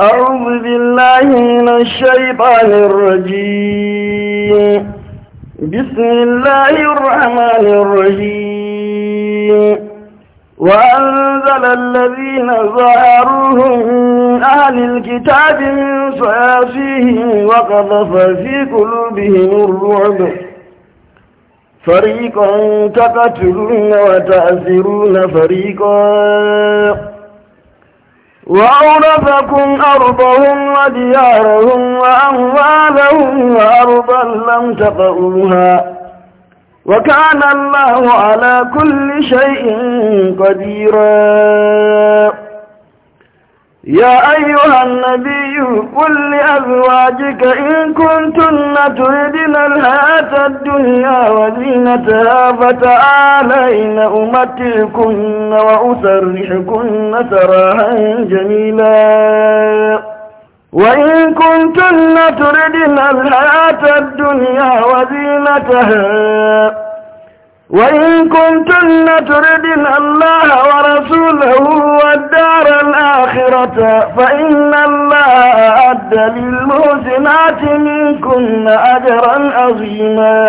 أعوذ بالله من الشيطان الرجيم بسم الله الرحمن الرحيم وأنزل الذين ظهروهم من أهل الكتاب من صياصيهم وقذف في قلوبهم الرعب فريقا تقتلون وتأثرون فريقا وأورثكم أرضهم وديارهم وأموالهم وأرضا لم تطئوها وكان الله على كل شيء قديرا يا أيها النبي قل لأزواجك إن كنتن تردن الحياة الدنيا وزينتها فتعالين أمتعكن وأسرحكن سراحا جميلا وإن كنتن تردن الحياة الدنيا وزينتها وإن كنتن تردن الله ورسوله والدار الآخرة فإن الله أعد للمحسنات منكن أجرا عظيما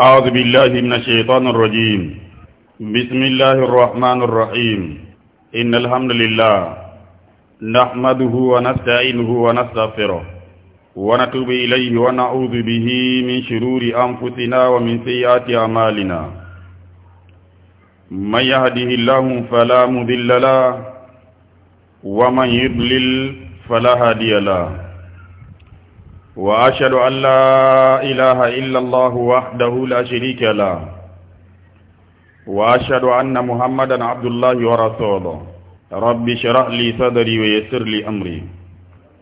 أعوذ بالله من الشيطان الرجيم بسم الله الرحمن الرحيم إن الحمد لله نحمده ونستعينه ونستغفره ونتوب إليه ونعوذ به من شرور أنفسنا ومن سيئات أعمالنا من يهده الله فلا مذل له ومن يضلل فلا هادي له وأشهد أن لا إله إلا الله وحده لا شريك له وأشهد أن محمدا عبد الله ورسوله رب اشرح لي صدري ويسر لي أمري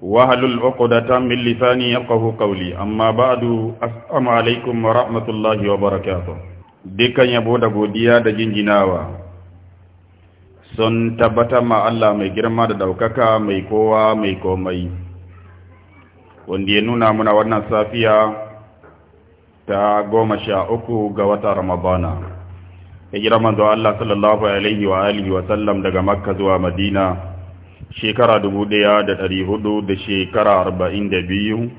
وهل عقدة من لساني يفقه قولي أما بعد السلام عليكم ورحمة الله وبركاته dukan yabo da godiya da jinjinawa sun tabbatar ma Allah mai girma da daukaka mai kowa mai komai wanda ya nuna muna wannan safiya ta goma sha uku ga wata ramadana ya girma da Allah sallallahu alaihi wa wa sallam daga makka zuwa madina shekara dubu ɗaya da dari hudu da shekara arba'in da biyu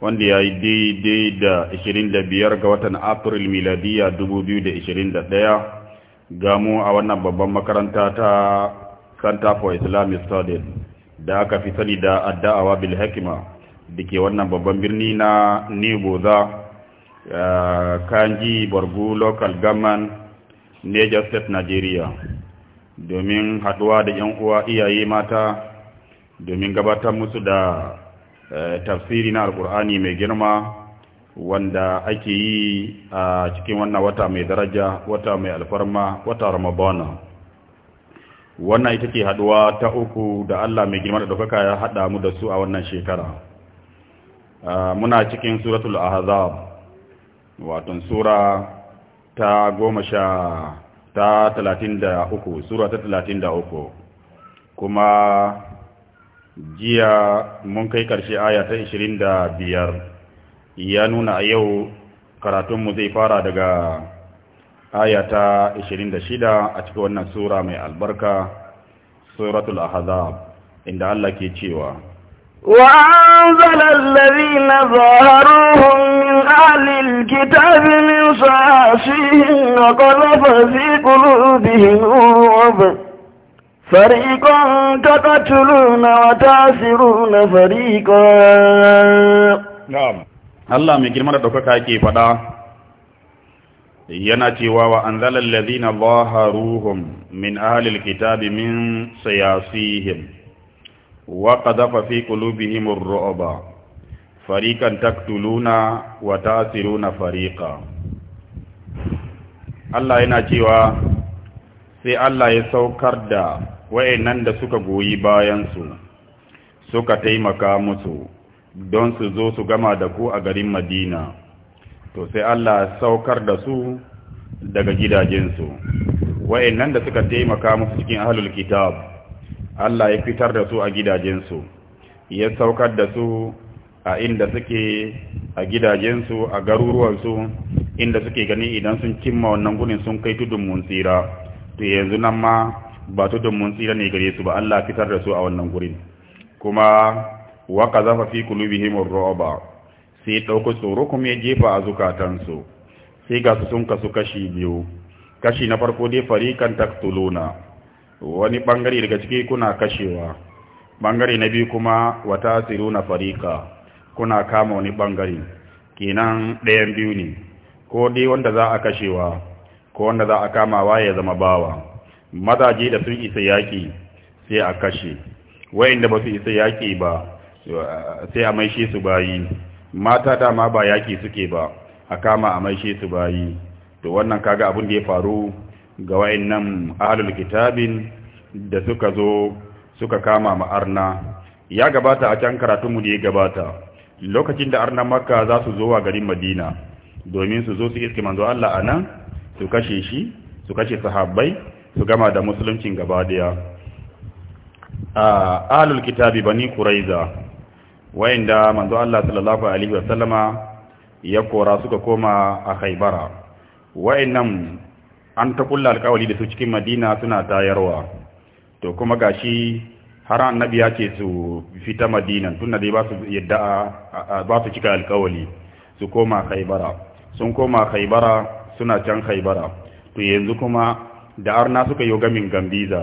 wanda ya yi daidai da ashirin da biyar ga watan april miladiya dubu biyu da ashirin da daya gamu a wannan babban makaranta ta center for islamic studies da aka fi sani da adda'awa bil hikima da ke wannan babban birni na neboza eh, kanji borgu local government niger state nigeria domin haduwa da yan uwa iyaye mata domin gabatar musu da eh, tafsiri na alkur'ani mai girma wanda ake yi a cikin wannan wata mai daraja wata mai alfarma wata ramadana wannan ita ce haduwa ta uku da Allah mai girma da daukaka ya hada mu da su a wannan shekara muna cikin suratul ahzab wato sura ta goma sha ta 33 sura ta 33 kuma jiya mun kai karshe aya ta 25 ya nuna a yau karatunmu zai fara daga aya ta 26 a cikin wannan sura mai albarka suratul ahzab inda Allah ke cewa وأنزل الذين ظاهروهم من أهل الكتاب من يسعى فيهن في قلوبهم الرعب فريقا تقتلون وتعسرون فريقا نعم الله مجرم ردك كايكي فدا ينتي واو أنزل الذين ظاهروهم من أهل الكتاب من سياسيهم وقذف في قلوبهم الرعب فريقا تقتلون وتأثرون فريقا Allah yana cewa sai Allah ya saukar da wayannan da suka goyi bayansu suka taimaka musu don su zo su gama da ku a garin Madina to sai Allah ya saukar da su daga gidajensu wayannan da suka taimaka musu cikin ahlul kitab Allah ya fitar da su a gidajensu ya saukar da su a inda suke a gidajensu a garuruwansu inda suke gani idan sun cimma wannan gurin sun kai tudun mun tsira to yanzu nan ma ba tudun mun tsira ne gare su ba Allah fitar da su a wannan gurin kuma wa qazafa fi qulubihim ar-ru'ba sai dauko tsoro kuma ya jefa a zukatansu sai ga su sun kasu kashi biyu kashi na farko dai farikan taktuluna wani bangare daga ciki kuna kashewa bangare na biyu kuma wata asiruna farika kuna kama wani bangare kenan ɗayan biyu ne ko dai wanda za a kashewa ko wanda za a kamawa ya zama bawa mazaje da sun isa yaƙi sai a kashe wayanda ba su isa yaƙi ba sai a maishe su bayi mata dama ba yaƙi suke ba a kama a maishe su bayi to wannan kaga abin da ya faru ga wayannan ahlul kitabin da suka zo suka kama ma'arna ya gabata a can karatunmu da ya gabata lokacin da arna makka za su zo wa garin madina domin su zo su iske manzo Allah a nan su kashe shi su kashe sahabbai su gama da musuluncin gaba daya a alul kitabi bani quraiza wayanda manzo Allah sallallahu alaihi wasallama ya kora suka koma a khaybara wayannan an ta kullal alƙawari da su cikin madina suna tayarwa to kuma gashi har annabi ya ce su fita madina tun dai ba su yadda ba su cika alkawali su koma khaybara sun koma khaybara suna can khaybara to yanzu kuma da arna suka yi gamin gambiza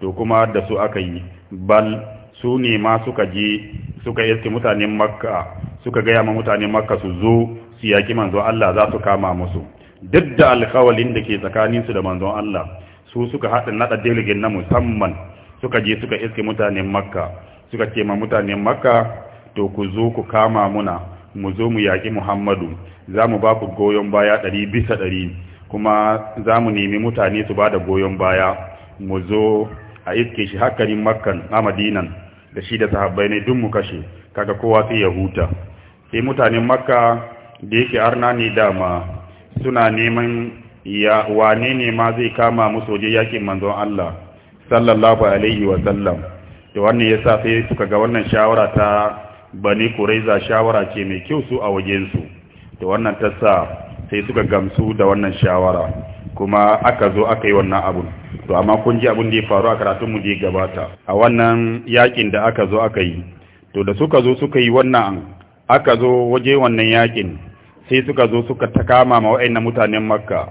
to kuma da su aka yi bal su ne ma suka je suka yi mutanen makka suka gaya ma mutanen makka su zo su yaki manzo Allah za su kama musu duk da alkawalin da ke tsakaninsu da manzon Allah su suka haɗa naɗa delegate na musamman suka je suka iske mutanen makka suka ce ma mutanen makka to ku zo ku kama muna mu zo mu yaƙi muhammadu za mu ba ku goyon baya ɗari bisa ɗari kuma za mu nemi mutane su ba da goyon baya mu zo a iske shi hakarin makkan a madinan da shi da sahabbai ne duk mu kashe kaga kowa sai ya huta sai mutanen makka da yake arna ne dama suna neman ya wane ne ma zai kama musu waje yakin manzon Allah sallallahu alaihi wa sallam da wannan yasa sai suka ga wannan shawara ta bani kuraiza shawara ce mai kyau su a wajensu da wannan ta sa sai suka gamsu da wannan shawara kuma aka zo aka yi wannan abun to amma kun ji abun da ya faru a karatunmu da ya gabata a wannan yakin da aka zo aka yi to da suka zo suka yi wannan aka zo waje wannan yakin sai suka zo suka ta kama ma wa'annan mutanen makka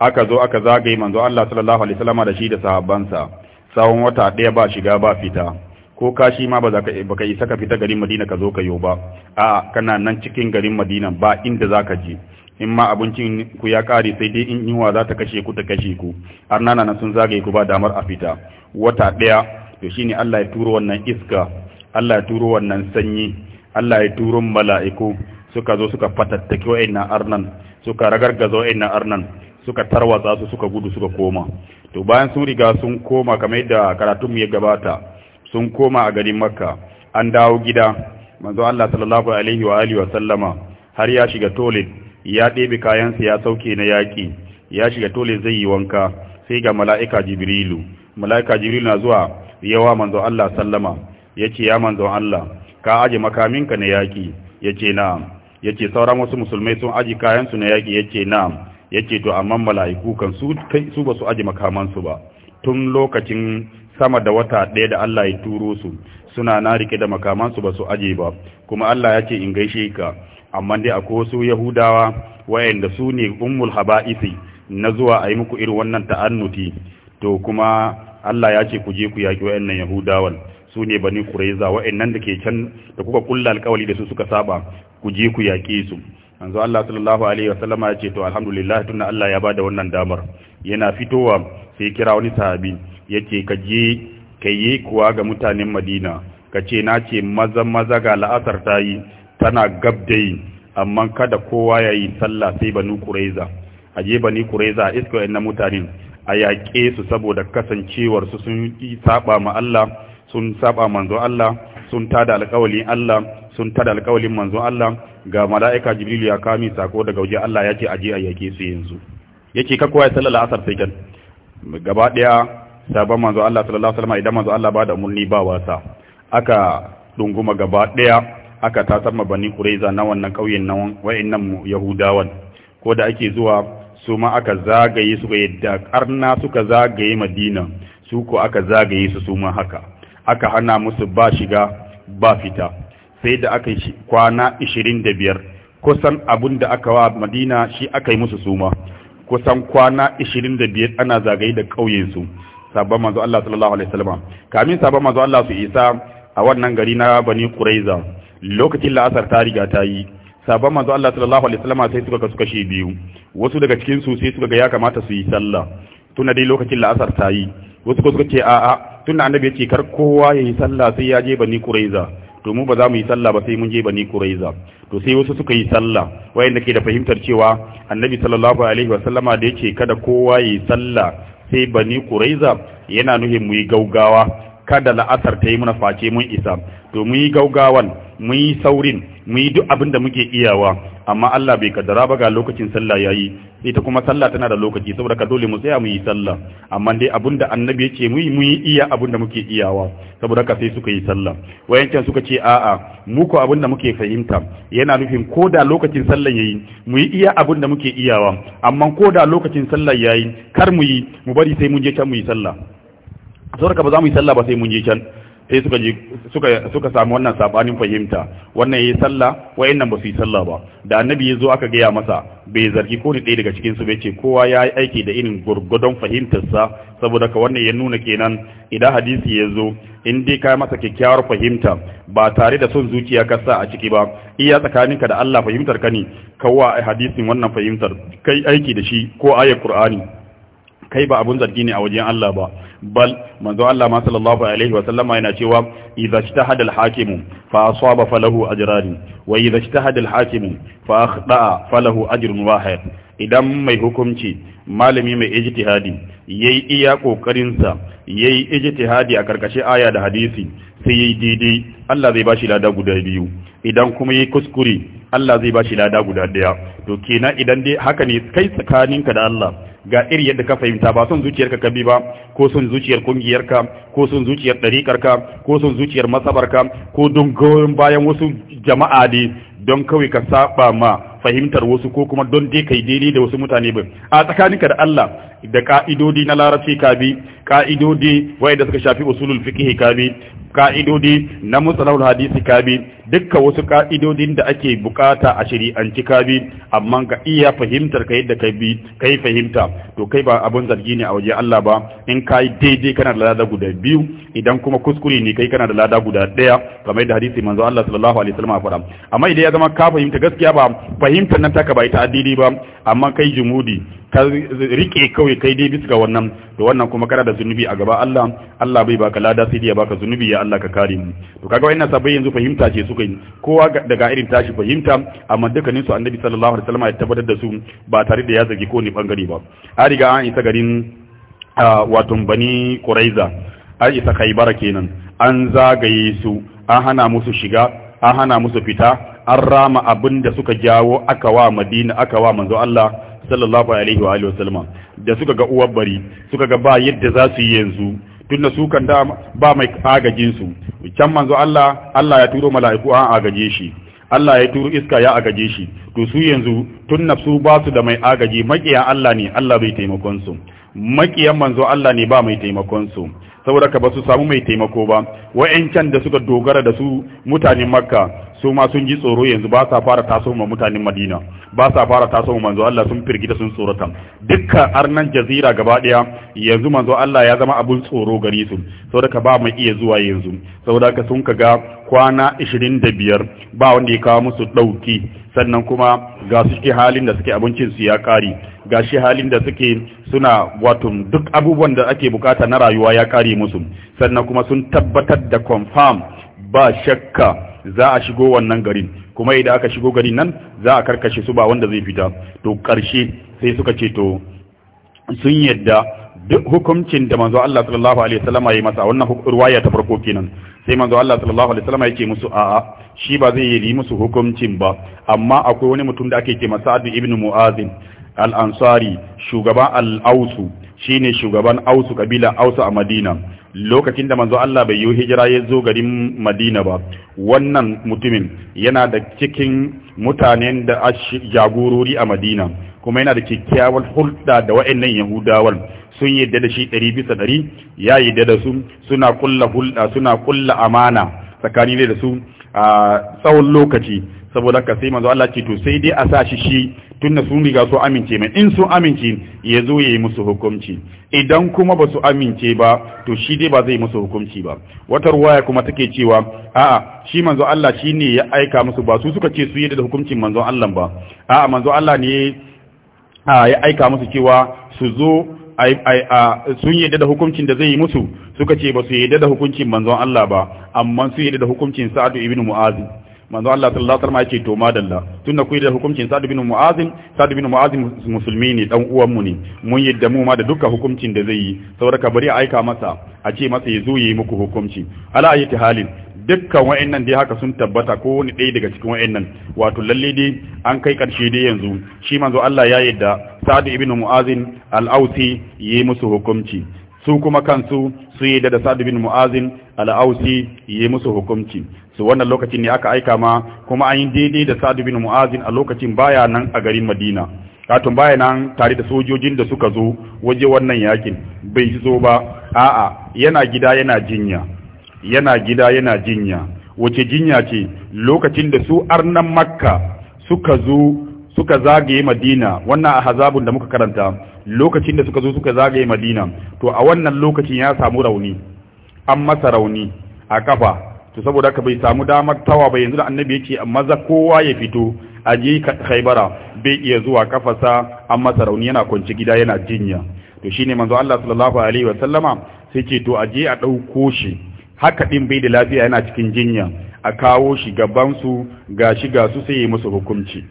aka zo aka zagaye manzo Allah sallallahu alaihi wasallam da shi da sahabbansa tsawon wata ɗaya ba shiga ba fita ko kashi ma ba ka isa ka fita garin madina ka zo ka yo ba a kana nan cikin garin madina ba inda za ka je in ma abincin ku ya kare sai dai in yiwa za ta kashe ku ta kashe ku har nana na sun zagaye ku ba damar a fita wata ɗaya to shine Allah ya turo wannan iska Allah ya turo wannan sanyi Allah ya turo mala'iku suka zo suka fatattake wa'annan arnan suka ragargaza na arnan suka tarwatsa su suka gudu suka koma to bayan sun riga sun koma kamar yadda karatun ya gabata sun koma a garin makka an dawo gida manzo Allah sallallahu alaihi wa alihi wa sallama har ya shiga toilet ya ɗebe kayansa ya sauke na yaƙi ya shiga toilet zai yi wanka sai ga mala'ika jibrilu mala'ika jibrilu na zuwa yawa manzo Allah sallama yace ya manzo Allah ka aje makaminka na yaƙi yace na'am yace sauran wasu musulmai sun aji kayansu na yaki yace na'am yake to amma mala'iku kan su kai su ba su aje makamansu ba tun lokacin sama da wata ɗaya da Allah ya turo su suna na rike da makamansu ba su aje ba kuma Allah ya ce in gaishe ka amma dai akwai wasu yahudawa wayanda su ne ummul haba'isi na zuwa a yi muku irin wannan ta'annuti to kuma Allah ya ce ku je ku yaƙi wayannan yahudawan su ne bani kureza wayannan da ke can da kuka kulla alƙawali da su suka saba ku je ku yaƙe su manzo Allah sallallahu alaihi wasallama ya ce to alhamdulillah tunda Allah ya bada wannan damar yana fitowa sai kira wani sahabi yace ka je ka yi kuwa ga mutanen Madina ka ce na ce maza maza ga la'asar ta yi tana gabdai amma kada kowa ya yi sallah sai banu kureza a je bani kureza a iska na mutanen a yaƙe su saboda kasancewar su sun saba ma Allah sun saba manzo Allah sun tada alƙawalin Allah sun tada alƙawalin manzon Allah ga mala'ika Jibrilu ya kami sako daga waje Allah ya ce je a yake su yanzu yake ka kowa ya sallala asar sai kan gaba daya sabon manzon Allah sallallahu alaihi wasallam idan manzon Allah ba da ba wasa aka dunguma gaba daya aka tasar ma bani Quraiza na wannan kauyen nan wayannan Yahudawan ko da ake zuwa su ma aka zagaye suka yadda karna suka zagaye Madina su ko aka zagaye su su ma haka aka hana musu ba shiga ba fita sai da aka yi kwana 25 kusan abun da aka wa madina shi aka yi musu suma kusan kwana 25 ana zagaye da ƙauyensu sabon manzo Allah sallallahu alaihi wasallam kamin sabon manzo Allah su isa a wannan gari na Bani Quraiza lokacin la'asar ta riga ta yi sabon manzo Allah sallallahu alaihi wasallam sai suka kasu kashi biyu wasu daga cikin su sai suka ga ya kamata su yi sallah tunda dai lokacin la'asar ta yi wasu suka ce a'a tunda annabi ya ce kar kowa ya yi sallah sai ya je Bani Quraiza to mu ba za mu yi sallah ba sai mun je bani kuraiza to sai wasu suka yi sallah wayanda ke da fahimtar cewa annabi sallallahu alaihi wa da yace kada kowa yi sallah sai bani kuraiza yana nuhin mu yi gaugawa kada la'asar ta yi muna face mun isa to mu yi gaugawan mu yi saurin mu yi duk abin da muke iyawa amma Allah bai kaddara ba ga lokacin sallah yayi ita kuma sallah tana da lokaci saboda ka dole mu tsaya mu yi sallah amma dai abinda annabi ya ce mu yi mu yi iya abinda muke iyawa saboda ka sai suka yi sallah wayancan suka ce a'a mu ko abinda muke fahimta yana nufin ko da lokacin sallah yayi mu yi iya abinda muke iyawa amma ko da lokacin sallah yayi kar mu yi mu bari sai mun je can mu yi sallah saboda ka ba za mu yi sallah ba sai mun je can sai suka ji suka suka samu wannan sabanin fahimta wannan yayi sallah wayannan ba su yi sallah ba da annabi yazo aka gaya masa bai zargi ko ni ɗaya daga cikin su bai ce kowa ya yi aiki da irin gurgudon fahimtarsa saboda ka wannan ya nuna kenan idan hadisi ya zo in dai ka masa kyakkyawar fahimta ba tare da son zuciya ka sa a ciki ba iya tsakaninka da Allah fahimtar ka ne kawwa hadisin wannan fahimtar kai aiki da shi ko ayar Qur'ani kai ba abun zargi ne a wajen Allah ba bal manzo Allah ma sallallahu alaihi wa sallama yana cewa idza ijtahada al-hakimu fa asaba falahu ajran wa idza ijtahada al-hakimu fa akhta'a falahu ajrun wahid idan mai hukunci malami mai ijtihadi yayi iya kokarin sa yayi ijtihadi a karkashin aya da hadisi sai yayi daidai Allah zai bashi lada guda biyu idan kuma yayi kuskure Allah zai bashi lada guda daya to kenan idan dai haka ne kai tsakaninka da Allah ga iri yadda ka fahimta ba son zuciyarka ka bi ba ko son zuciyar kungiyarka ko son zuciyar ɗariƙarka ko son zuciyar masabarka ko don goyon bayan wasu jama'a ne don kawai ka saba ma fahimtar wasu ko kuma don dai kai daidai da wasu mutane ba a tsakaninka da Allah da ka'idodi na larabci ka bi ka'idodi wayanda suka shafi usulul fiqh ka bi ka'idodi na musalawar hadisi kabi dukkan wasu ka'idodin da ake bukata a shari'anci kabi amma ga iya fahimtar ka yadda kai bi kai fahimta to kai ba abun zargi ne a waje Allah ba in kai daidai kana da lada guda biyu idan kuma kuskure ne kai kana da lada guda daya kamar da hadisi manzo Allah sallallahu alaihi wasallam faɗa amma idan ya zama ka fahimta gaskiya ba fahimtar nan ta ka bai ta addini ba amma kai jumudi ka rike kawai kai dai bisa wannan to wannan kuma kana da zunubi a gaba Allah Allah bai baka lada sai dai ya baka zunubi ya Allah ka kare mu to kaga wannan sabai yanzu fahimta ce suka yi kowa daga irin tashi fahimta amma dukkanin su annabi sallallahu alaihi wasallam ya tabbatar da su ba tare da ya zagi ko ni bangare ba a riga an isa garin wato bani quraiza an isa khaybara kenan an zagaye su an hana musu shiga an hana musu fita an rama abin da suka jawo aka wa madina aka wa manzo Allah sallallahu alaihi wa alihi da suka ga uwar bari suka ga ba yadda za su yi yanzu tunda su kan da ba mai agajin su can manzo Allah Allah ya turo mala'iku an agaje shi Allah ya turo iska ya agaje shi to su yanzu tun su ba su da mai agaji makiyan Allah ne Allah bai taimakon su makiyan manzo Allah ne ba mai taimakon su saboda ka ba su samu mai taimako ba wa'ancan da suka dogara da su mutanen makka su ma sun ji tsoro yanzu ba sa fara taso ma mutanen madina ba sa fara taso manzo Allah sun firgita sun tsorata dukkan arnan jazira gaba daya yanzu manzo Allah ya zama abun tsoro gare su saboda ba mu iya zuwa yanzu saboda ka sun kaga kwana 25 ba wanda ya kawo musu dauki sannan kuma ga su ke halin da suke abincin su ya kare ga shi halin da suke suna wato duk abubuwan da ake bukata na rayuwa ya kare musu sannan kuma sun tabbatar da confirm ba shakka za a shigo wannan garin kuma idan aka shigo garin nan za a karkashe su ba wanda zai fita to karshe sai suka ce to sun yadda duk hukuncin da manzo Allah sallallahu alaihi wasallam ya masa wannan ruwaya ta farko kenan sai manzo Allah sallallahu alaihi wasallam yake musu a'a shi ba zai yi musu hukuncin ba amma akwai wani mutum da ake ce masa Ibn Mu'azin al-Ansari shugaban al aws shine shugaban ausu kabila ausu a madina lokacin da manzo Allah bai yi hijira ya zo garin madina ba wannan mutumin yana da cikin mutanen da jagorori a madina kuma yana da kyakkyawar hulɗa da wa'annan yahudawan sun yadda da shi ɗari bisa ɗari ya yadda da su suna kulla hulɗa suna kulla amana tsakanin da su a tsawon lokaci saboda ka sai manzo Allah ce to sai dai a sa shi shi tunda sun riga su amince mai in sun amince ya zo ya yi musu hukunci idan kuma ba su amince ba to shi dai ba zai musu hukunci ba wata ruwaya kuma take cewa a'a shi manzo Allah shi ne ya aika musu ba su suka ce su yi da hukuncin manzo Allah ba a'a manzo Allah ne ya aika musu cewa su zo sun yadda da hukuncin da zai yi musu suka ce ba su yadda da hukuncin manzon Allah ba amma su yadda da hukuncin Sa'adu ibn Mu'azi manzo Allah sallallahu alaihi wasallam ce to madalla tunda ku da hukuncin Sa'd bin Mu'azim Sa'd bin Mu'azim musulmi ne dan uwan mu ne mun yadda mu ma da dukkan hukuncin da zai yi saboda ka bari aika masa a ce masa ya zo yi muku hukunci ala ayyati halin dukkan wa'annan dai haka sun tabbata ko wani ɗaya daga cikin wa'annan wato lalle dai an kai karshe dai yanzu shi manzo Allah ya yadda Sa'd ibn Mu'azim al-Ausi yi musu hukunci su kuma kansu su yi da Sa'd bin Mu'azin al-Ausi yi musu hukunci su wannan lokacin ne aka aika ma kuma an yi daidai da Sa'd bin Mu'azin a lokacin baya nan a garin Madina katon baya nan tare da sojojin da suka zo waje wannan yakin bai zo ba a'a yana gida yana jinya yana gida yana jinya wace jinya ce lokacin da su arnan makka suka zo suka zagaye Madina wannan a hazabun da muka karanta lokacin da suka zo suka zagaye Madina to a wannan lokacin ya samu rauni an masa rauni a kafa to saboda ka bai samu damar tawa ba yanzu da annabi yake maza kowa ya fito a je haibara bai iya zuwa kafasa an masa rauni yana kwanci gida yana jinya to shine manzo Allah sallallahu alaihi wa sallama sai ce to a je a ɗauko shi haka ɗin bai da lafiya yana cikin jinya a kawo shi gaban su gashi ga su sai ya musu hukunci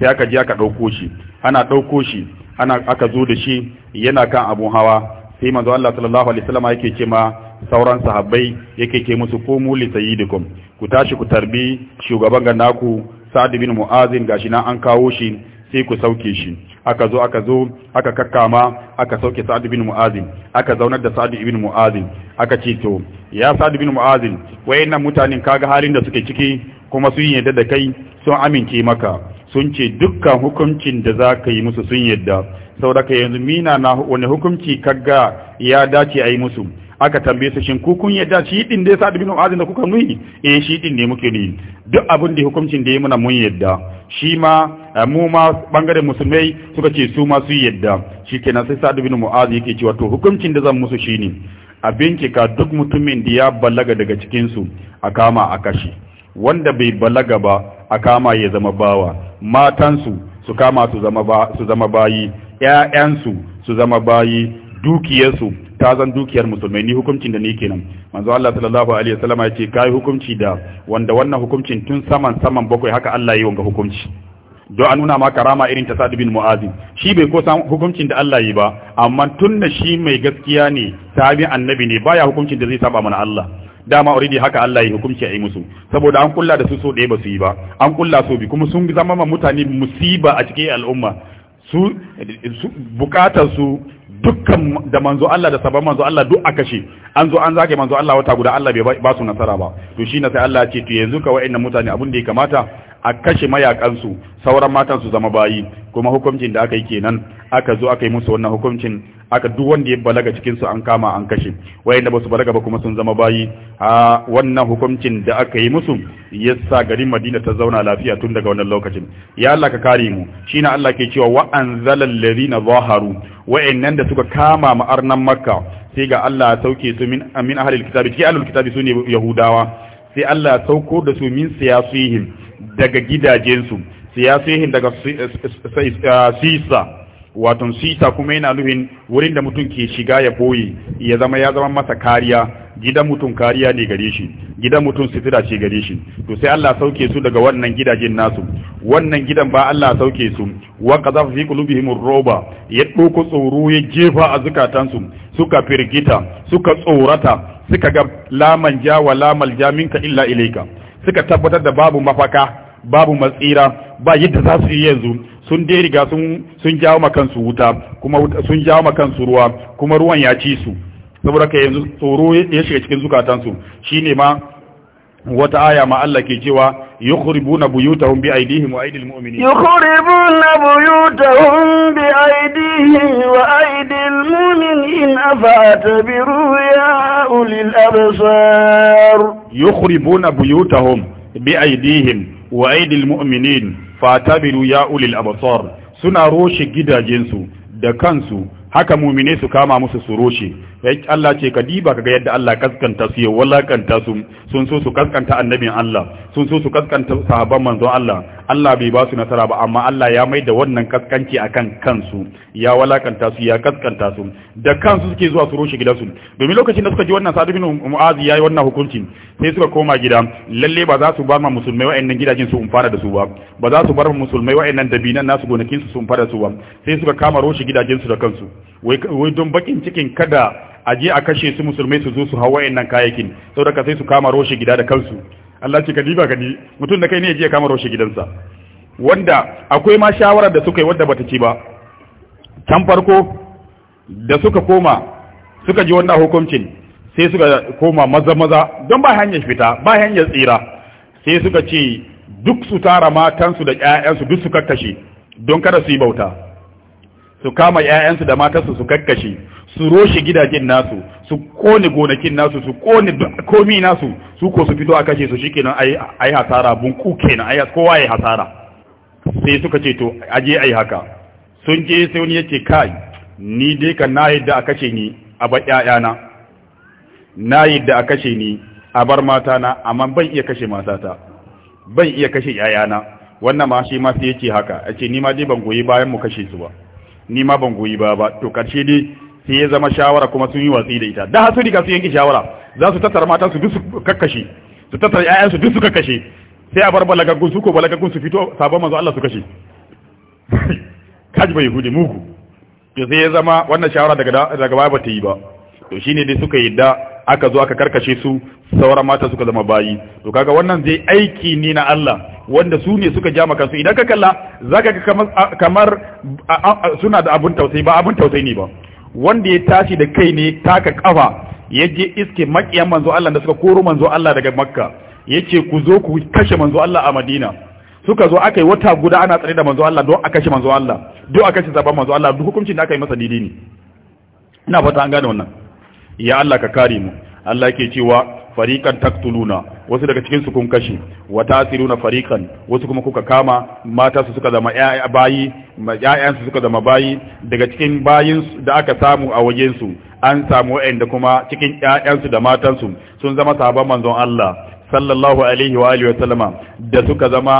sai aka je aka ɗauko shi ana ɗauko shi ana aka zo da shi yana kan abun hawa sai manzo Allah sallallahu alaihi wasallam yake ce ma sauran sahabbai yake ce musu qumu li sayyidikum ku tashi ku tarbi shugaban ga naku Sa'd bin Mu'azin gashi na an kawo shi sai ku sauke shi aka zo aka zo aka kakkama aka sauke Sa'd bin Mu'azin aka zaunar da Sa'd bin Mu'azin aka ce to ya Sa'd bin Mu'azin wayannan mutanen kaga halin da suke ciki kuma sun yarda da kai sun amince maka sun ce dukkan hukuncin da za ka yi musu sun yadda sauraka yanzu mina na wani hukunci kaga ya dace a yi musu aka tambaye su shin ku yadda shi din da sa da binu azin da kuka nuyi eh shi din ne muke ni duk abin da hukuncin da ya muna mun yadda shi ma eh, mu ma bangaren musulmai suka ce su ma su yadda shi shikenan sai sa'ad binu mu'az yake cewa to hukuncin da zan musu shi ne a bincika duk mutumin da ya balaga daga cikinsu a kama a kashi wanda bai balaga ba a kama ya zama bawa matansu su kama su zama bayi ‘ya'yansu su zama bayi dukiyarsu ta zan dukiyar musulmai ni hukuncin da ni kenan manzo Allah sallallahu alaihi wasallam ya ce kai hukunci da wanda wannan hukuncin tun saman saman bakwai haka Allah yi wanga hukunci don a nuna ma karama irin ta Sa'd bin Mu'adh shi bai ko san hukuncin da Allah yi ba amma tunna shi mai gaskiya ne sabi annabi ne baya hukuncin da zai saba mana Allah dama already haka Allah ya hukunci a yi musu saboda an kulla da su so ɗaya ba su yi ba an kulla so bi kuma sun zama ma mutane musiba a cikin al'umma su bukatar su dukkan da manzo Allah da sabon manzo Allah duk a kashe an zo an zage manzo Allah wata guda Allah bai ba su nasara ba to shi na sai Allah ce to yanzu ka wa'annan mutane abin da ya kamata a kashe mayakan su sauran matan su zama bayi kuma hukuncin da aka yi kenan aka zo aka yi musu wannan hukuncin aka duk wanda ya balaga cikin su an kama an kashe wayan da ba su balaga ba kuma sun zama bayi a wannan hukuncin da aka yi musu yasa garin Madina ta zauna lafiya tun daga wannan lokacin ya Allah ka kare mu shine Allah ke cewa wa anzalal ladina zaharu wayannan da suka kama ma'arnan Makka sai ga Allah ya sauke su min amin ahlul kitabi ki ahlul su sune yahudawa sai Allah ya sauko da su min siyasihim daga gidajensu siyasihim daga sisa waton sita kuma yana nufin wurin da mutum ke shiga ya boye ya zama ya zama masa kariya gidan mutum kariya ne gare shi gidan mutum sitira ce gare shi to sai Allah sauke su daga wannan gidajen nasu wannan gidan ba Allah sauke su wa qadha fi qulubihim roba ya doko tsoro ya jefa a zukatansu suka firgita suka tsorata suka ga laman ja wa lamal jaminka illa ilaika suka tabbatar da babu mafaka babu matsira ba yadda za su yi yanzu sun dai riga sun jawo ma kansu wuta kuma sun jawo ma kansu ruwa kuma ruwan ya ci su saboda ka yanzu tsoro ya shiga cikin zukatansu Shi ne ma wata aya ma Allah ke cewa yukhribuna buyutahum bi aydihim wa aydil mu'minin yukhribuna buyutahum bi aydihim wa aydil mu'minin afatabiru ya ulil absar yukhribuna buyutahum bi aydihim wa aidil mu'minin fatabiru ya ulil abasar suna roshe gidajensu da kansu haka mumine su kama musu su roshe Allah ce ka diba kaga yadda Allah kaskanta su ya walakanta su sun so su kaskanta annabin Allah sun so su kaskanta sahabban manzon Allah Allah bai ba su nasara ba amma Allah ya mai da wannan kaskanci akan kansu ya walakanta su ya kaskanta su da kansu suke zuwa su roshe gidansu domin lokacin da suka ji wannan sadu bin Mu'az yayi wannan hukunci sai suka koma gida lalle ba za su bar ma musulmai wa'annan gidajen su umfara da su ba ba za su bar ma musulmai wa'annan dabinan nasu gonakin su su umfara da su ba sai suka kama roshe gidajen su da kansu wai don bakin cikin kada a je a kashe su musulmai su zo su hau wayannan kayakin saboda sai su kama roshe gida da kansu Allah ce ka ba ka mutum da kai ne ya kama roshe gidansa wanda akwai ma shawarar da suka yi wanda bata ci ba can farko da suka koma suka ji wannan hukuncin sai suka koma maza maza don ba hanyar fita ba hanyar tsira sai suka ce duk su tara matansu da ƴaƴansu duk su kakkashe don kada su yi bauta su kama ƴaƴansu da matansu su kakkashe su roshe gidajen nasu su kone gonakin nasu su kone komi nasu su ko su fito a kashe su shikenan ai hasara bunku na ai kowa ya hasara sai suka ce to aje ai haka sun je sai wani yace kai ni dai ka na yadda a kashe ni a bar ƴaƴana na yadda a kashe ni a bar mata na amma ban iya kashe matata ban iya kashe ƴaƴana wannan ma shi ma sai yace haka yace ni ma dai ban goyi bayan mu kashe su ba ni ma ban goyi ba ba to karshe dai sai ya zama shawara kuma sun yi watsi da ita da hasu riga su yanki shawara za su tattara matan su duk su kakkashe su tattara ƴaƴansu su duk su kakkashe sai a bar balagagun su ko balagagun su fito sabon manzo Allah su kashe kaji bai yahudi muku to sai ya zama wannan shawara daga daga baya bata yi ba to shine dai suka yadda aka zo aka karkashe su sauran mata suka zama bayi to kaga wannan zai aiki ne na Allah wanda su ne suka ja maka su idan ka kalla zaka ga kamar suna da abun tausayi ba abun tausayi ne ba wanda ya tashi da kai ne taka kafa ya je iske makiyan manzo Allah da suka koro manzo Allah daga Makka yace ku zo ku kashe manzo Allah a Madina suka zo akai wata guda ana tsare da manzo Allah don a kashe manzo Allah don a kashe zaban manzo Allah duk hukuncin da aka yi masa didi ne ina fata an gane wannan ya Allah ka kare mu Allah ke cewa fariqan taktuluna wasu daga cikin su kun kashe wa tasiruna fariqan wasu kuma kuka kama mata su suka zama yaya bayi yayan su suka zama bayi daga cikin bayin da aka samu a wajen su an samu wa'anda kuma cikin yayan su da matan su sun zama sahabban manzon Allah sallallahu alaihi wa alihi wa sallama da suka zama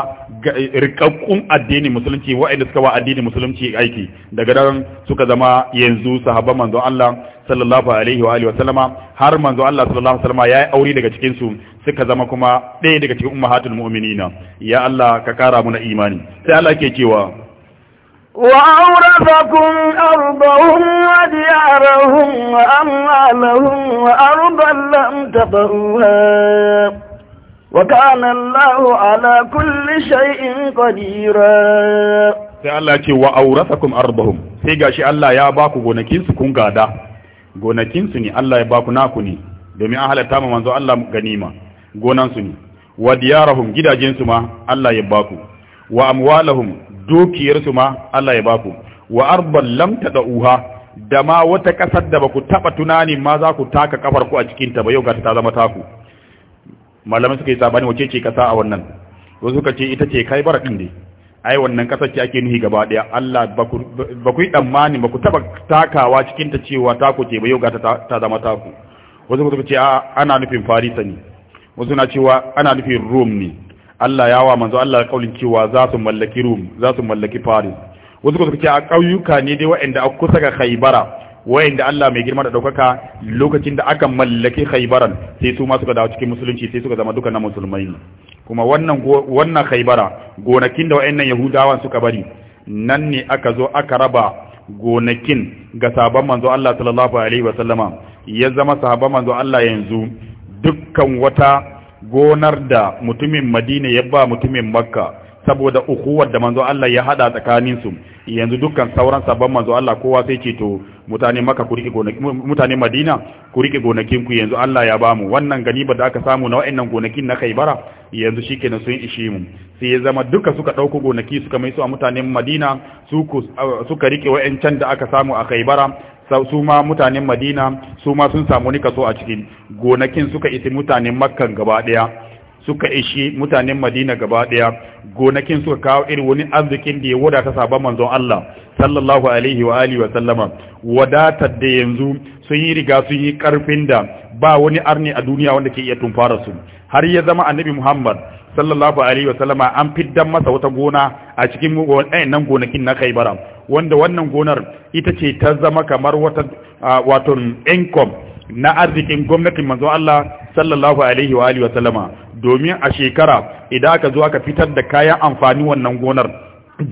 rikakkun addinin musulunci wa'anda suka wa addinin musulunci aiki daga nan suka zama yanzu sahabban manzon Allah sallallahu alaihi wa alihi wa sallama har manzo Allah sallallahu alaihi wa sallama yayi aure daga cikin su suka zama kuma ɗaya daga cikin ummahatul mu'minina ya Allah ka kara mana na imani sai Allah ke cewa وأورثكم أرضهم وديارهم وأموالهم وأرضا لم تطروها وكان الله على كل شيء قديرا sai Allah ce wa auratakum arbahum sai gashi Allah ya baku gonakin kun gada gonakinsu ne Allah ya baku naku ne domin an halatta ma manzo Allah ganima gonansu ne wa diyarahum gidajensu ma Allah ya baku wa amwalahum dukiyarsu ma Allah ya baku wa arban lam tadauha da ma wata kasar da baku taba tunani ma za ku taka kafar ku a cikin ta ba yau ga ta zama taku malamai suka yi sabani wace ce kasa a wannan wasu suka ce ita ce kai bara din dai ai wannan kasar ce ake nuhi gaba daya Allah ba ku yi tsammani ba ku taba takawa cikin ta cewa taku ce ba yau ga ta zama taku wasu kuma ce ana nufin farisa ne wasu na cewa ana nufin Rome ne Allah ya wa manzo Allah kaulin cewa za su mallaki Rome za su mallaki faris wasu kuma ce a ƙauyuka ne dai waɗanda a kusa ga khaybara wayanda Allah mai girma da daukaka lokacin da aka mallaki Khaybaran sai su ma suka dawo cikin musulunci sai suka zama duka na musulmai kuma wannan wannan khaibara gonakin da wayannan Yahudawan suka bari nan ne aka zo aka raba gonakin ga sahabban manzo Allah sallallahu alaihi wa sallama ya zama sahabban manzo Allah yanzu dukkan wata gonar da mutumin Madina ya ba mutumin Makka saboda ukuwar da manzo Allah ya hada tsakanin su yanzu dukkan sauran sabon manzo Allah kowa sai ce to mutane maka ku rike gonaki mutane madina ku rike gonakin ku yanzu Allah ya bamu wannan ganiba da aka samu na wa'annan gonakin na kaibara yanzu shikenan sun ishe mu sai ya zama duka suka dauko gonaki suka mai su a mutanen madina su suka rike wa'ancan da aka samu a kaibara su ma mutanen madina su ma sun samu ni kaso a cikin gonakin suka isi mutanen makkan gaba daya suka ishi mutanen madina gaba daya gonakin suka kawo irin wani arzikin da ya wadata sabon manzon Allah sallallahu alaihi wa alihi wa sallama wadatar da yanzu sun yi riga sun yi karfin da ba wani arni a duniya wanda ke iya tumfara su har ya zama annabi Muhammad sallallahu alaihi wa sallama an fiddan masa wata gona a cikin wannan gonakin na kaibara wanda wannan gonar ita ce ta zama kamar wata wato income na arzikin gwamnatin manzon Allah sallallahu alaihi wa alihi wa sallama domin a shekara idan aka zo ka fitar da kayan amfani wannan gonar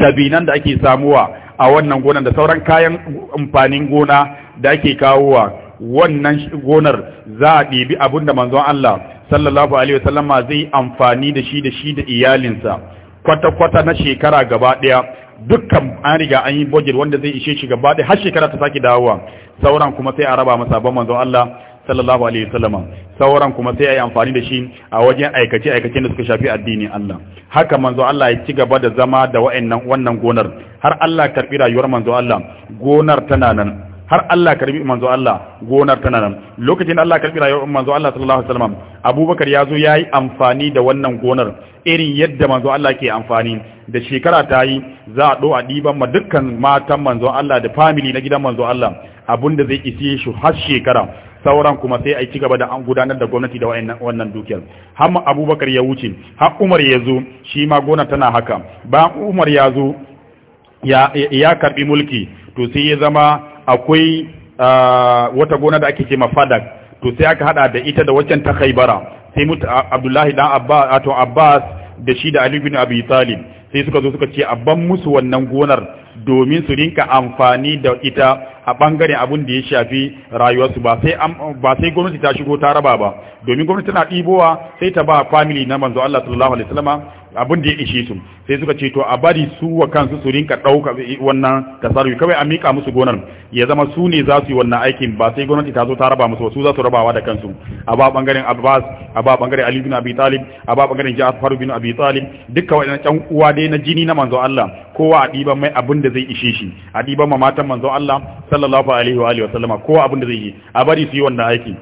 dabinan da ake samuwa a wannan gonar da sauran kayan amfanin gona da ake kawowa wannan gonar za a ɗibi abin da manzon Allah sallallahu alaihi wasallama zai amfani da shi da shi da iyalinsa kwata-kwata na shekara gaba ɗaya dukkan an riga an yi budget wanda zai ishe shi gaba ɗaya har shekara ta sake dawowa sauran kuma sai a raba masa ban manzon Allah sallallahu alaihi wasallam sauran kuma sai ayi amfani da shi a wajen aikace aikace da suka shafi addini Allah haka manzo Allah ya ci gaba da zama da wa'annan wannan gonar har Allah karbi rayuwar manzo Allah gonar tana nan har Allah karbi manzo Allah gonar tana nan lokacin da Allah karbi rayuwar manzo Allah sallallahu alaihi wasallam Abubakar ya zo yayi amfani da wannan gonar irin yadda manzo Allah ke amfani da shekara ta yi za a do a diban ma dukkan matan manzo Allah da family na gidan manzo Allah da zai isi shi har shekara sauran kuma sai a ci gaba da an gudanar da gwamnati da wannan dukiyar har abubakar ya wuce har umar ya zo shi ma gona tana haka ba umar ya zo ya karbi mulki to sai ya zama akwai wata gona da ake ce mafadak to sai aka hada da ita da waccan ta khaibara sai mutu abdullahi dan abbas abbas da shi da ali bin abi talib sai suka zo suka ce a ban musu wannan gonar domin su rinka amfani da ita a bangare abin da ya shafi rayuwarsu ba sai ba sai gwamnati ta shigo ta raba ba domin gwamnati tana ɗibowa sai ta ba family na manzo Allah sallallahu alaihi wasallam abin da ya ishe su sai suka ce to a bari su wa kansu su rinka ɗauka wannan tasarufi kawai a mika musu gonar ya zama su ne za su yi wannan aikin ba sai gwamnati ta zo ta raba musu su za su rabawa da kansu a ba bangaren Abbas a ba bangaren Ali bin Abi Talib a ba bangaren Ja'far bin Abi Talib dukkan waɗannan ƴan uwa dai na jini na manzo Allah kowa a ɗiban mai abin da zai ishe shi a ɗiban ma matan manzo Allah sallallahu alaihi wa sallama ko abin da zai yi a bari su yi wannan aiki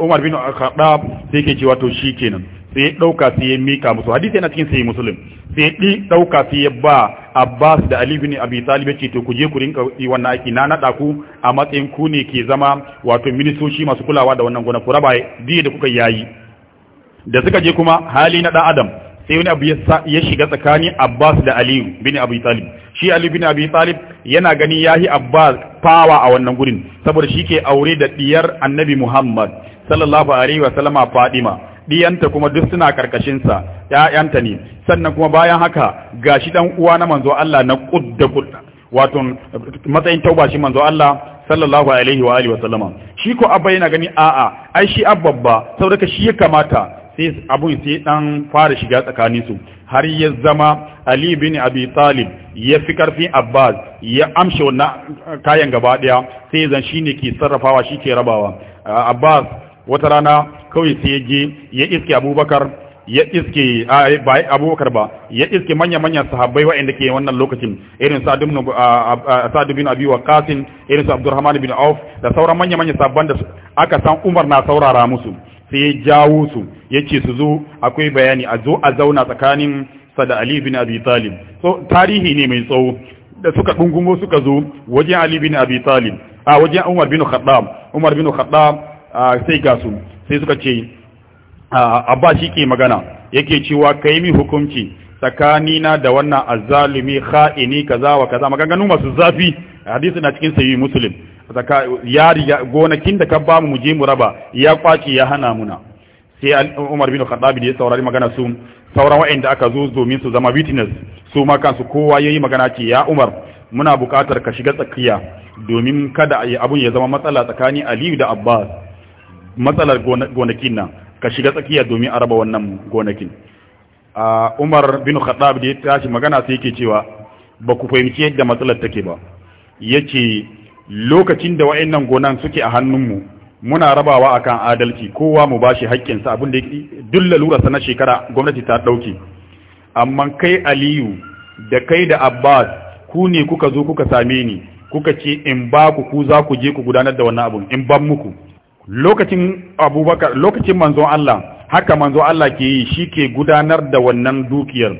Umar bin Khattab sai ce wato shi shikenan sai ya dauka sai ya mika musu hadisi yana cikin sai Muslim sai ya ɗauka sai ya ba Abbas da Ali bin Abi Talib ce to ku je ku rinka yi wannan aiki na nada ku a matsayin ku ne ke zama wato ministoci masu kulawa da wannan gona ku raba da kuka yayi da suka je kuma hali na dan Adam sai wani abu ya shiga tsakani Abbas da Ali bin Abi Talib shi Ali bin Abi Talib yana gani yi abba fawa a wannan gurin saboda shi ke aure da diyar annabi muhammad sallallahu alaihi wa sallama fadima diyanta kuma duk suna karkashinsa 'ya'yanta ne sannan kuma bayan haka gashi dan uwa na manzo Allah na kudda kudda wato matsayin tauba shi manzo Allah sallallahu alaihi wa alihi wa sallama shi ko abba yana gani a'a ai shi ba, saboda shi ya kamata sai abun sai dan fara shiga tsakanin su har ya zama Ali bin Abi Talib ya fi karfi Abbas ya amshe wannan kayan gaba daya sai zan shine ke sarrafawa shi ke rabawa Abbas wata rana kawai sai ya je ya iske Abubakar ya iske ba abubakar ba ya iske manya-manyan sahabbai waɗanda ke wannan lokacin irin Sa'd ibn abi Waqqas irin abdurrahman bin auf da sauran manya-manyan sahabban da aka san umar na saurara musu sai ya jawo su ya ce su zo akwai bayani a zo a zauna tsakanin sa da Ali bin Abi Talib so tarihi ne mai tsawo da suka dungumo suka zo wajen Ali bin Abi Talib a wajen Umar bin Khattab Umar bin Khattab sai ga su sai suka ce abba shi ke magana yake cewa kai mi hukunci tsakanina da wannan azzalumi kha'ini kaza wa kaza maganganu masu zafi hadisi na cikin sayi muslim zaka ya gonakin da ka bamu mu je mu raba ya kwace ya hana muna sai Umar bin Khattab da saurari magana su sauran wa'anda aka zo domin su zama witness su ma kansu kowa yayi magana ce ya Umar muna bukatar ka shiga tsakiya domin kada abun ya zama matsala tsakanin Aliyu da Abbas matsalar gonakin nan ka shiga tsakiya domin a raba wannan gonakin Umar bin Khattab da ya tashi magana sai yake cewa ba ku fahimci yadda matsalar take ba yace lokacin da wayannan gonan suke a hannunmu muna rabawa akan adalci kowa mu bashi haƙƙinsa abin da duk lalurarsa na shekara gwamnati ta ɗauke amma kai aliyu da kai da abbas ku ne kuka zo kuka same ni kuka ce in ba ku ku za ku je ku gudanar da wannan abun in ban muku lokacin abubakar lokacin manzon allah haka manzon allah ke yi shi ke gudanar da wannan dukiyar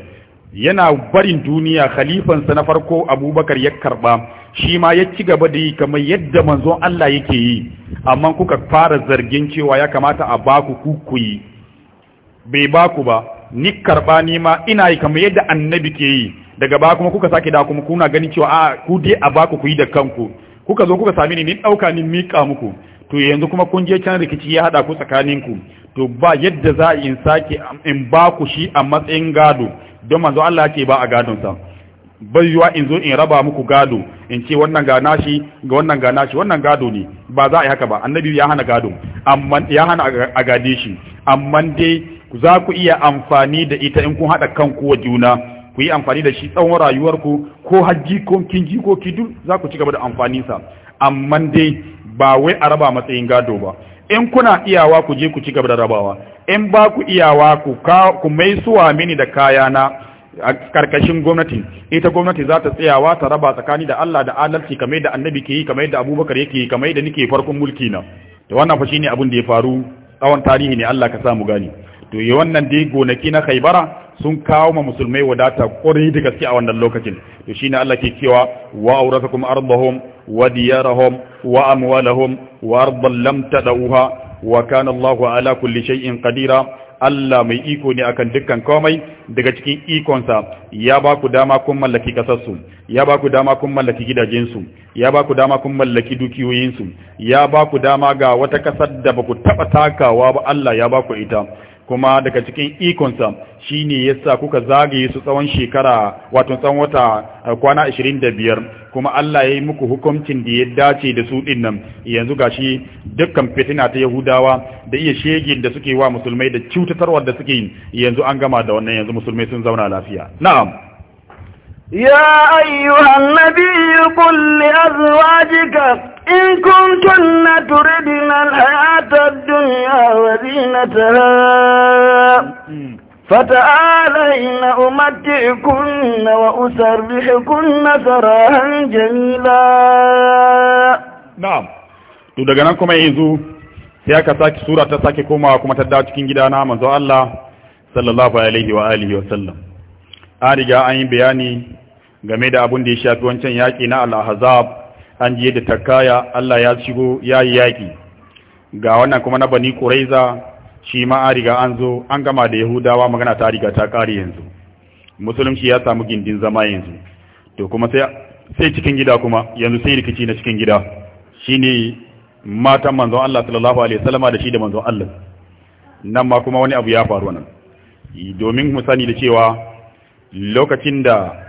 yana barin duniya khalifansa na farko abubakar ya karba shi ma ya ci gaba da yi kamar yadda manzon Allah yake yi amma kuka fara zargin cewa ya kamata a baku ku yi bai baku ba ni karba ni ma ina yi kamar yadda annabi ke yi daga ba kuma kuka sake da kuma kuna ganin cewa a ku dai a baku ku yi da kanku kuka zo kuka sami ni ni dauka ni mika muku to yanzu kuma kun je can rikici ya hada ku tsakaninku to ba yadda za in sake in baku shi a matsayin gado don manzo Allah ke ba a gadon sa bai yiwa in zo in raba muku gado in ce wannan ga nashi ga wannan ga nashi wannan gado ne ba za a yi haka ba annabi ya hana gado amma ya hana a gade shi amma dai za ku iya amfani da ita in kun haɗa kanku wa juna ku yi amfani da shi tsawon rayuwarku ko hajji ko kin jikoki duk za ku ci gaba da amfaninsa amma dai ba wai a raba matsayin gado ba in kuna iyawa ku je ku ci gaba da rabawa in ba ku iyawa ku ku mai suwa mini da kaya na karkashin gwamnati ita gwamnati za ta tsayawa ta raba tsakani da Allah da adalci kamar da annabi ke yi kamar da abubakar yake yi kamar da nake farkon mulki na to wannan fa shine abin da ya faru tsawon tarihi ne Allah ka sa mu gani to yi wannan dai gonaki na khaibara sun kawo ma musulmai wadata kwarai da gaske a wannan lokacin to shine Allah ke cewa wa kuma ardahum wa diyarahum wa amwalahum wa ardan lam tadauha wa kana Allahu ala kulli shay'in qadira Allah mai iko ne akan dukkan komai daga cikin ikonsa ya ba ku dama kun mallaki kasarsu ya ba ku dama kun mallaki gidajensu ya ba ku dama kun mallaki dukiyoyinsu ya ba ku dama ga wata kasar da ba ku taɓa takawa ba Allah ya ba ku ita kuma daga cikin ikonsa shi ne ya sa kuka zagaye su tsawon shekara wato tsawon wata eh, kwana ashirin da biyar kuma Allah ya yi muku hukuncin da ya dace da su ɗin nan yanzu ga shi dukkan fitina ta Yahudawa da iya shegin da suke wa musulmai da cutatarwa da suke yanzu an gama da wannan yanzu musulmai sun zauna lafiya na'am يا أيها النبي قل لأزواجك إن كنتن تردن الحياة الدنيا وزينتها فتعالين أمتعكن وأسرحكن سراها جميلا نعم to daga nan kuma yanzu sai aka saki sura ta sake komawa kuma ta dawo cikin gidana manzo Allah wa an riga an yi bayani game da abun da ya shafi wancan yaƙi na al-ahzab an je da takaya Allah ya shigo ya yi yaƙi ga wannan kuma na bani ƙuraiza shi ma an riga an zo an gama da yahudawa magana ta riga ta ƙari yanzu musulunci ya samu gindin zama yanzu to kuma sai cikin gida kuma yanzu sai rikici na cikin gida shine matan manzon Allah sallallahu alaihi wasallama da shi da manzon Allah nan ma kuma wani abu ya faru nan domin mu sani da cewa lokacin da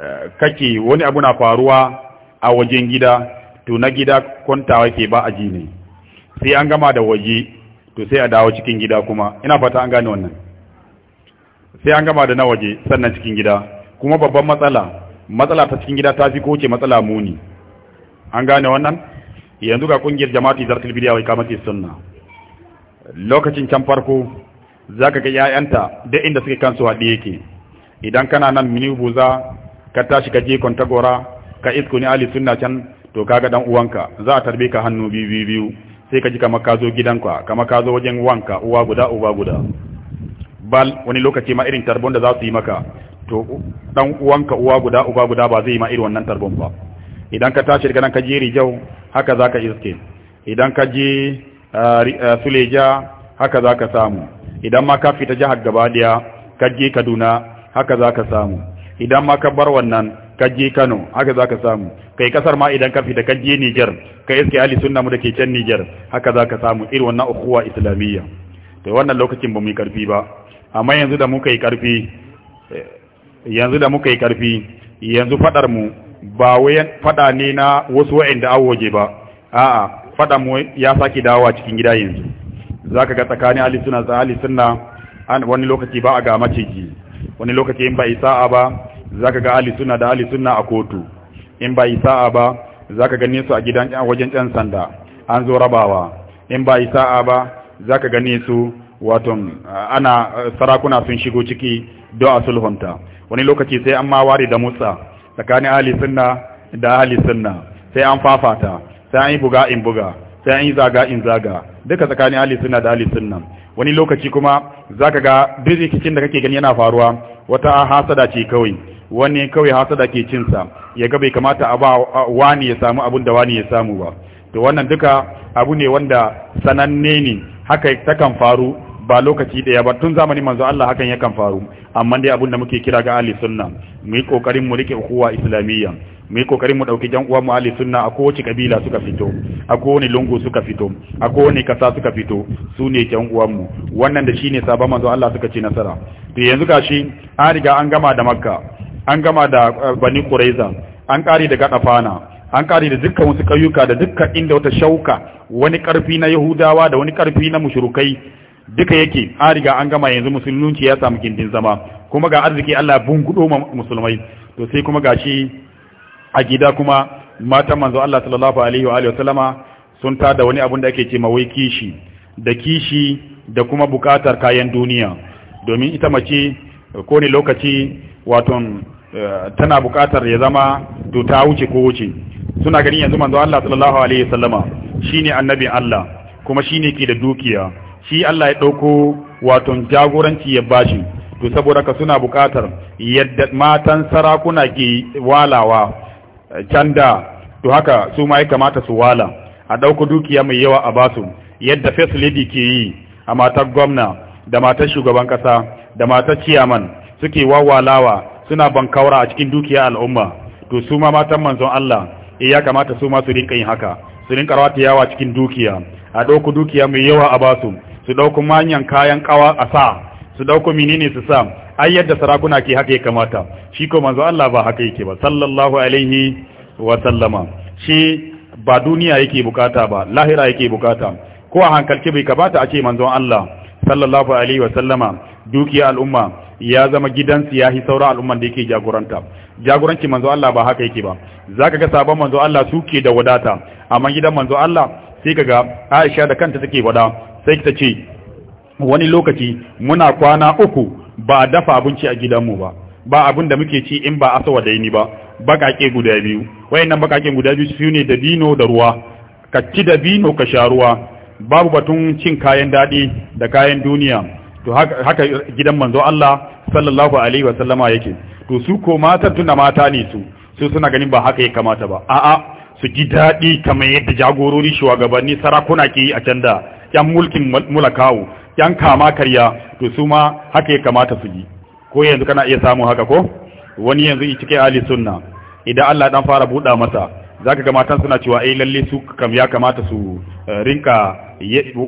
eh, kake wani abu na faruwa a wajen gida to na gida kwantawa ke ba ji ne sai an gama da waje to sai a dawo cikin gida kuma ina fata an gane wannan sai an gama da na waje sannan cikin gida kuma babban matsala matsala ta cikin gida ta fi koce matsala muni an gane wannan yanzu ga kungiyar jama'ati zartul bidiya wai kamati sunna lokacin can farko zaka ga yayanta da inda suke kansu haɗe yake idan kana nan mini buza ka tashi ka je kwantagora ka isko ni ali sunna can to kaga dan uwanka za a tarbe ka hannu biyu biyu sai ka ji kamar ka zo gidanka kamar ka zo wajen wanka uwa guda uba guda bal wani lokaci ma irin tarbon da za su yi maka to dan uwanka uwa guda uba guda ba zai yi ma irin wannan tarbon ba idan ka tashi daga nan ka je rijau haka za ka iske idan ka je ah, ah, suleja haka za ka samu idan ma ka fita jihar gaba daya ka je kaduna haka za ka samu idan ma ka bar wannan ka je Kano haka zaka samu kai kasar ma idan ka fita ka je Niger ka iske ali sunna mu dake can Niger haka zaka samu irin wannan ukhuwa islamiyya to wannan lokacin ba mu yi karfi ba amma yanzu da muka yi karfi eh, yanzu da muka yi karfi yanzu fadar mu ba wai fada ne na wasu wa'anda awoje ba a'a fada mu ya saki dawowa cikin gida yanzu zaka ga tsakanin ali sunna da ali sunna wani lokaci ba a ga maciji wani lokaci in ba isa'a ba zaka ga ahli sunna da ahli sunna a kotu in ba yi sa'a ba zaka gane su a gidan wajen ɗan sanda an zo rabawa in ba yi sa'a ba zaka gane su waton ana sarakuna sun shigo ciki don a sulhunta wani lokaci sai an ma ware da mutsa tsakanin ahli sunna da ahli sunna sai an fafata sai an yi buga in buga sai an yi zaga in zaga duka tsakanin ahli sunna da ahli sunna wani lokaci kuma zaka ga duk rikicin da kake gani yana faruwa wata hasada ce kawai wani kawai hasada ke cinsa ya ga bai kamata a ba wani ya samu abun da wani ya samu ba to wannan duka abu ne wanda sananne ne haka takan faru ba lokaci daya ba tun zamani manzo Allah hakan yakan faru amma dai abun da muke kira ga ahli sunna mu yi kokarin mu rike ukuwa islamiyya mu yi kokarin mu dauki jan uwa mu ahli sunna a kowace kabila suka fito a kowane lungu suka fito a kowane kasa suka fito su ne jan uwan mu wannan da shine sabon manzo Allah suka ci nasara to yanzu gashi an riga an gama da makka an gama da eh, bani kuraiza an kare da gadafana an kare da dukkan wasu kayuka da dukkan inda wata shauka wani ƙarfi na yahudawa da wani ƙarfi na mushrikai duka yake an riga an gama yanzu musulunci ya samu gindin zama kuma ga arziki Allah bungudo ma musulmai to sai kuma gashi a gida kuma matan manzo Allah sallallahu alaihi wa alihi wa sallama sun tada wani abun da ake ce wai kishi da kishi da kuma bukatar kayan duniya domin ita mace ko ne lokaci waton tana bukatar ya zama to ta wuce ko wuce suna ganin yanzu manzo Allah sallallahu alaihi wasallama shine annabi Allah kuma shine ke da dukiya shi Allah ya dauko wato jagoranci ya bashi to saboda ka suna bukatar yadda matan sarakuna ke walawa canda to haka su ma ya kamata su wala a dauko dukiya mai yawa a basu yadda first lady ke yi a matar gwamna da matar shugaban kasa da matar ciyaman suke wawalawa suna bankaura a cikin dukiya al'umma to su ma matan manzon Allah eh ya kamata su ma su rinka yin haka su rinka rawata yawa cikin dukiya a ɗauku dukiya mai yawa a basu su ɗauku manyan kayan kawa a sa su ɗauku menene su sa ai yadda sarakuna ke haka ya kamata shi ko manzon Allah ba haka yake ba sallallahu alaihi wa sallama shi ba duniya yake bukata ba lahira yake bukata ko a hankalce bai kamata a ce manzon Allah sallallahu alaihi wa sallama dukiya al'umma ya zama gidansu ya yi sauran al'umman da yake jagoranta jagoranci manzo Allah ba haka yake ba zaka ga sabon manzo Allah suke da wadata amma gidan manzo Allah sai kaga Aisha da kanta take wada sai ta ce wani lokaci muna kwana uku ba a dafa abinci a gidanmu ba ba abin da muke ci in ba asawa daini ba bakake guda biyu wayannan bakake guda biyu su ne da dino da ruwa ka ci da dino ka sha ruwa babu batun cin kayan dadi da kayan duniya to haka gidan manzo Allah sallallahu alaihi wa sallama yake to su ko matan tunda mata ne su su suna ganin ba haka ya kamata ba a'a su ji daɗi kamar yadda jagorori shugabanni sarakuna ke yi a can da yan mulkin mulakawu yan kama karya to su ma haka ya kamata su yi ko yanzu kana iya samu haka ko wani yanzu ya cike ali sunna idan Allah dan fara buɗa masa zaka ga matan suna cewa eh lalle su kam ya kamata su eh, rinka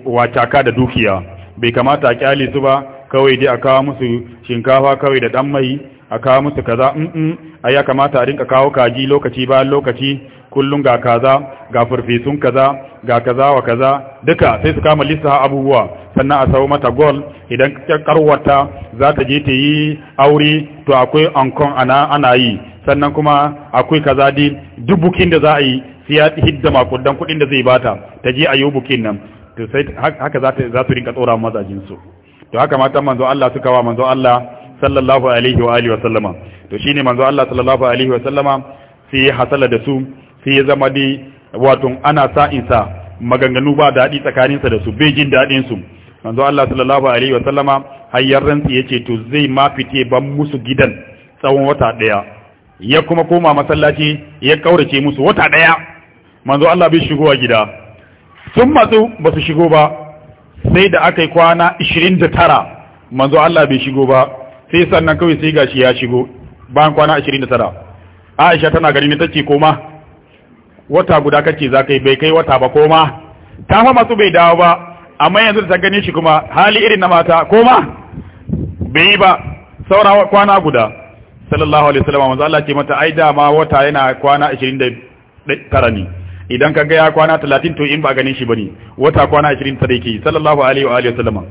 wacaka da dukiya bai kamata a kyale su ba kawai dai a kawo musu shinkafa kawai da dan mai a kawo musu kaza mm ai ya kamata a rinka kawo kaji lokaci bayan lokaci kullun ga kaza ga farfesun kaza ga kaza wa kaza duka sai su kama lissa abubuwa sannan a sawo mata gol idan karwata za ta je ta yi aure to akwai ankon ana ana yi sannan kuma akwai kaza dai duk bukin da za a yi sai ya hidda makudan kudin da zai bata ta je a yi bukin nan to sai haka za su rinka tsora mazajinsu to haka matan manzo Allah suka wa manzo Allah sallallahu alaihi wa alihi wa sallama to shine manzo Allah sallallahu alaihi wa sallama sai ya hasala da su sai ya zama dai wato ana insa maganganu ba daɗi tsakaninsa da su bai jin dadin su manzo Allah sallallahu alaihi wa sallama hayyar rantsi yace to zai ma fite ban musu gidan tsawon wata daya ya kuma koma masallaci ya kaurace musu wata daya manzo Allah bai shigowa gida sun matsu ba su shigo ba sai da aka yi kwana 29 manzo Allah bai shigo ba sai sannan kawai sai gashi ya shigo bayan kwana 29 Aisha tana gari ne take koma wata guda kace za kai bai kai wata ba koma ta fa matsu bai dawo ba amma yanzu ta gane shi kuma hali irin na mata koma bai ba saura kwana guda sallallahu alaihi wasallam manzo Allah ce mata ai da ma wata yana kwana 29 ne idan ka gaya ya kwana talatin to in ba ganin shi bane wata kwana ashirin ta yake sallallahu alaihi wa alihi wasallama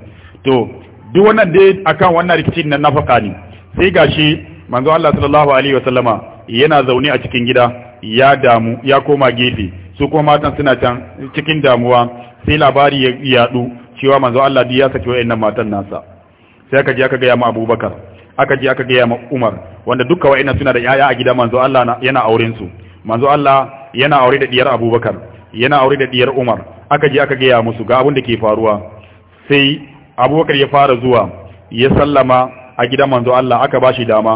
to duk wannan dai akan wannan rikicin na nafaka ne sai gashi manzo Allah sallallahu alaihi wasallama yana zaune a cikin gida ya damu ya koma gefe su kuma matan suna can cikin damuwa sai labari ya yadu cewa manzo Allah duk ya saki wayannan matan nasa sai aka je aka ga ya ma Abubakar aka je aka ga ya ma Umar wanda duka wayannan suna da yaya a gida manzo Allah yana auren su manzo Allah yana aure da diyar abubakar yana aure da diyar umar aka je aka gaya musu ga abin da ke faruwa sai abubakar ya fara zuwa ya sallama a gidan manzo Allah aka bashi dama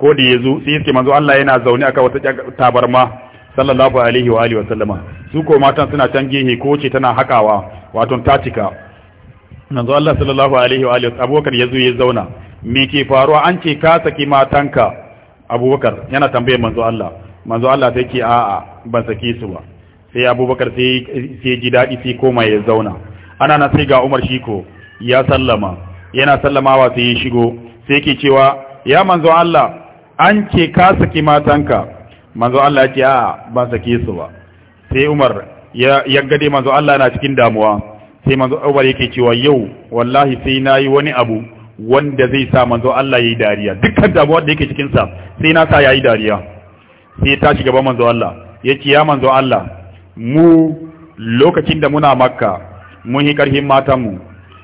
ko da ya zo sai yake manzo Allah yana zaune aka wata tabarma sallallahu alaihi wa alihi wa sallama su ko matan suna can gehe ko ce tana hakawa wato tatika manzo Allah sallallahu alaihi wa alihi abubakar ya zo ya zauna me ke faruwa an ce ka saki matanka abubakar yana tambayar manzo Allah manzo Allah sai ce a'a ban sake su ba sai abubakar sai ji dadi sai koma ya zauna ana na sai ga Umar shi ko ya sallama yana sallamawa sai ya shigo sai yake cewa ya manzo Allah an ce ka saki matanka manzo Allah ya ce a'a ban sake su ba sai Umar ya gade manzo Allah yana cikin damuwa sai manzo Umar yake cewa yau wallahi sai nayi wani abu wanda zai sa manzo Allah yayi dariya dukkan damuwar da yake cikin sa sai na sa ya yi dariya sai ta shiga ba manzo Allah ya ce ya manzo Allah mu lokacin da muna makka mun yi karhin matanmu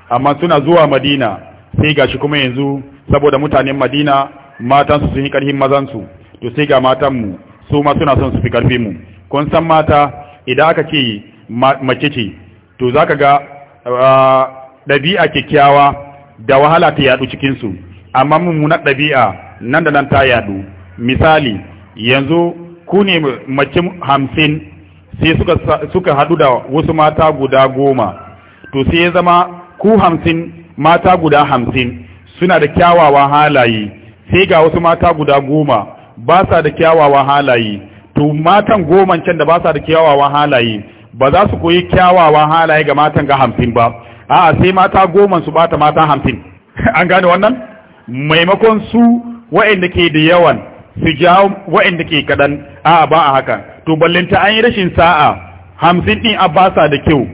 amma suna zuwa madina sai gashi kuma yanzu saboda mutanen madina matansu sun yi karhin mazansu to sai ga matanmu su ma suna son su fi mu kun san mata idan aka ce mace ce to za ka ga ɗabi'a kyakkyawa da wahala ta yaɗu cikinsu amma mummunar ɗabi'a nan da nan ta yaɗu misali yanzu ku ne mace hamsin sai suka, suka haɗu da wasu mata guda goma to sai ya zama ku hamsin mata guda hamsin suna da kyawawan halaye sai ga wasu mata guda goma ba sa da kyawawan halaye to matan goman can da ba sa da kyawawan halaye ba za su koyi kyawawan halaye ga matan ga hamsin ba a'a sai mata goman su bata mata hamsin an gane wannan maimakon su wa'anda ke da yawan su jawo wa'inda ke kaɗan a'a ba a haka to ballinta an yi rashin sa'a hamsin ɗin a sa da kyau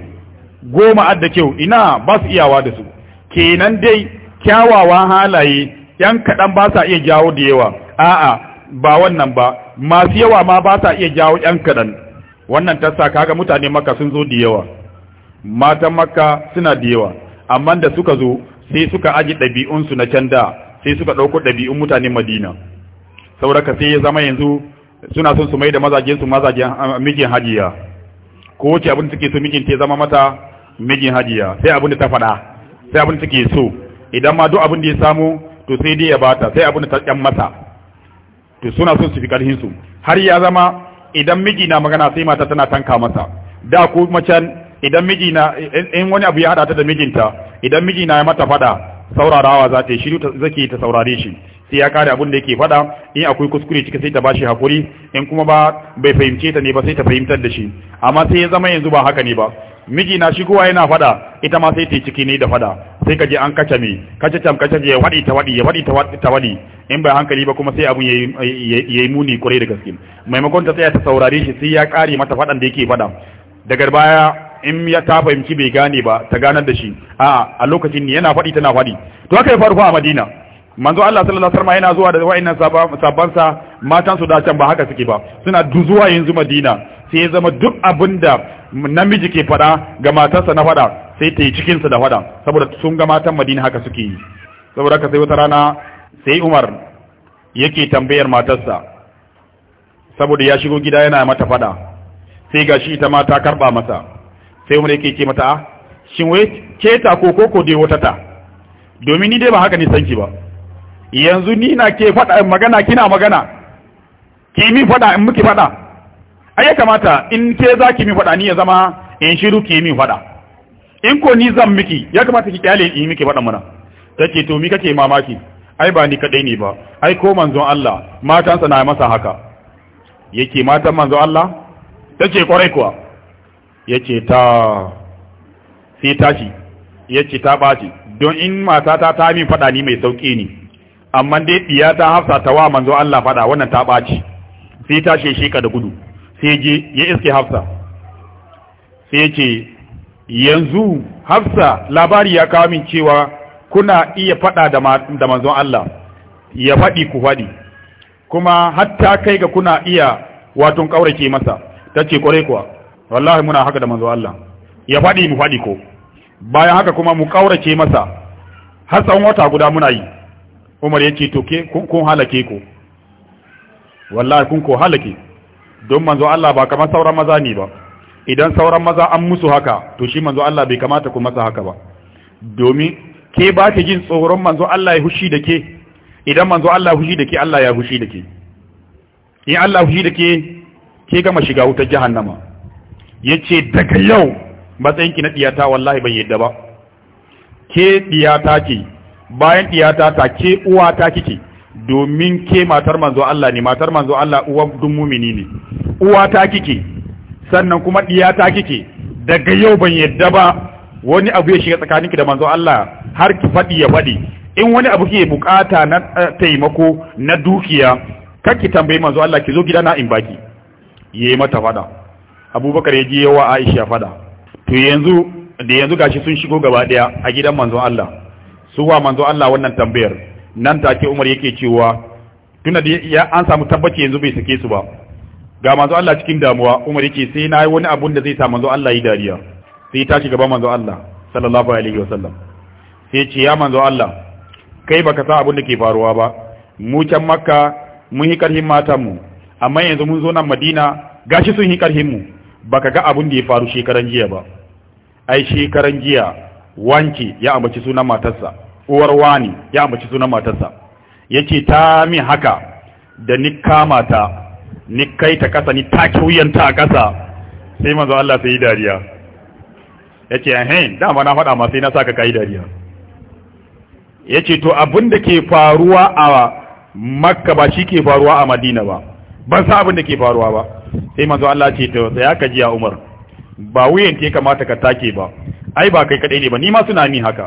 goma a da kyau ina ba su iyawa da su kenan dai kyawawa halaye yan kaɗan ba sa iya jawo da yawa a'a ba wannan ba masu yawa ma ba sa iya jawo yan kaɗan wannan ta sa kaga mutane maka sun zo da yawa matan maka suna da yawa amma da suka zo sai suka aji ɗabi'unsu na can da sai suka ɗauko ɗabi'un mutanen madina sauraka sai ya zama yanzu suna son su mai da mazajen su mazajen mijin hajiya ko wace abin da take so mijin ta zama mata mijin hajiya sai abin da ta faɗa sai abin da take so idan ma duk abin da ya samu to sai dai ya bata sai abin da ta ɗan masa to suna son su fi karhin su har ya zama idan miji na magana sai mata tana tanka masa da ko macen idan miji na in wani abu ya hada ta da mijinta idan miji na ya mata fada saurarawa za ta shiru zake ta saurare shi sai ya kare abin da yake faɗa in akwai kuskure cike sai ta bashi hakuri in kuma ba bai fahimce ta ne ba sai ta fahimtar da shi amma sai ya zama yanzu ba haka ne ba miji na shi kowa yana faɗa ita ma sai ta yi ciki ne da faɗa sai ka je an kace me kace tam kace ya waɗi ta waɗi ya waɗi ta waɗi in bai hankali ba kuma sai abun yayi muni kwarai da gaske maimakon ta tsaya ta saurare shi sai ya kare mata faɗan da yake faɗa daga baya in ya ta fahimci bai gane ba ta ganar da shi a a lokacin yana faɗi tana faɗi to haka ya faru a Madina manzo Allah sallallahu alaihi wasallam yana zuwa da wayannan sabban sa matan su da can ba haka suke ba suna duzuwa yanzu Madina sai ya zama duk abinda namiji ke fada ga matarsa na fada sai ta yi cikin sa da fada saboda sun ga matan Madina haka suke yi saboda haka sai wata rana sai Umar yake tambayar matarsa saboda ya shigo gida yana mata fada sai gashi ita ma ta karba masa sai Umar yake ce mata ah, shin wai ke ta ko koko dai wata ta domin ni dai ba haka ne sanki ba yanzu ni na ke faɗa magana kina magana ki mi faɗa in muke faɗa ai ya kamata in ke za ki mi faɗa ni ya zama in shiru ki mi faɗa in ko ni zan miki ya kamata ki kyale in miki faɗa mana take to mi kake mamaki ai ba ni kadai ne ba ai ko manzon Allah matansa na masa haka yake matan manzon Allah take kwarai kuwa yace ta sai tashi yace ta baci don in matata ta min faɗa ni mai sauki ne amma dai diya ta hafsa ta wa manzo Allah fada wannan ta baci sai ta she ka da gudu sai je ya iske hafsa sai ya ce yanzu hafsa labari ya kawo min cewa kuna iya fada da manzon Allah ya faɗi ku faɗi kuma hatta kai ga kuna iya watun kaurace masa tace kwarai kuwa wallahi muna haka da manzon Allah ya faɗi mu faɗi ko bayan haka kuma mu kaurace masa har tsawon wata guda muna yi umar ya ce to ke kun halake ku wallahi kun ko halake don manzo Allah ba kamar sauran maza ne ba idan sauran maza an musu haka to shi manzo Allah bai kamata ku masa haka ba domin ke ba ki jin tsoron manzo Allah ya hushi da ke idan manzo Allah hushi da ke Allah ya hushi da ke in Allah hushi da ke ke gama shiga wutar jahannama yace daga yau matsayin ki na diyata wallahi ban yadda ba ke diyata ce bayan iyata ta ke uwa ta kike domin ke matar manzo Allah ne matar manzo Allah uwa duk mumini ne uwa ta kike sannan kuma ɗiyata kike daga yau ban yadda ba wani abu ya shiga tsakaninki da manzo Allah har ki faɗi ya faɗi in wani abu ke bukata na eh, taimako na dukiya kar ki tambayi manzo Allah ki zo gidana in baki yayi mata fada Abubakar ya je wa Aisha fada to yanzu da yanzu gashi sun shigo gaba daya a gidan manzo Allah su wa manzo Allah wannan tambayar nan take Umar yake cewa da ya an samu tabbaci yanzu bai sake su ba ga manzo Allah cikin damuwa Umar yake sai na yi wani abun da zai sa manzo Allah yi dariya sai tashi gaban manzo Allah sallallahu alaihi wasallam sai ce ya manzo Allah kai baka sa abun da ke faruwa ba mu can Makka mun yi karhin matan mu amma yanzu mun zo nan Madina gashi sun yi karhin mu baka ga abun da ya faru shekaran jiya ba ai shekaran jiya wanki ya ambaci sunan matarsa uwar wani ya ambaci sunan matarsa yace ta mi haka da ni kama ta ni kai ta kasa ni ta wuyanta a kasa sai manzo Allah sai dariya yace eh dama na faɗa ma sai na saka kai dariya yace to abin da ke faruwa a Makka ba shi ke faruwa a Madina ba ban sa abin da ke faruwa ba sai manzo Allah ce to sai aka ji ya Umar ba wuyan ke kamata ka take ba ai ba kai kadai ne ba ni ma suna min haka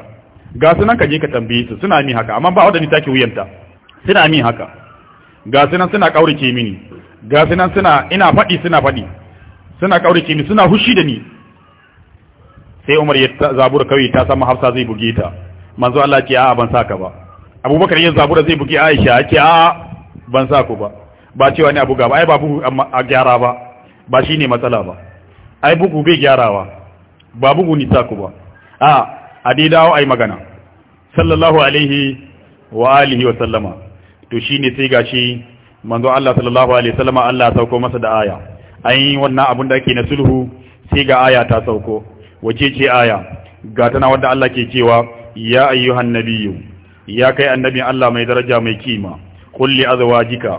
ga sunan ka je ka tambaye su suna min haka amma ba wanda ni take wuyanta suna min haka ga sunan suna kaurace mini ga sunan suna ina faɗi suna faɗi suna kaurace mini suna hushi da ni sai Umar ya zabur kawai ta san Hafsa zai buge ta manzo Allah ce a'a ban saka ba Abubakar ya zabura zai buge Aisha ce a'a ban sa ku ba ba cewa ne abu ga ba ai ba bugu a gyara ba ba shine matsala ba ai bugu bai gyarawa ba bugu ku ba a a dai a yi magana sallallahu alaihi wa alihi wa sallama to shine sai gashi manzo Allah sallallahu alaihi wa sallama Allah sauko masa da aya yi wannan abun da ake na sulhu sai ga aya ta sauko wace ce aya ga tana wanda Allah ke cewa ya ayyuhan nabiyyu ya kai annabi Allah mai daraja mai kima kulli azwajika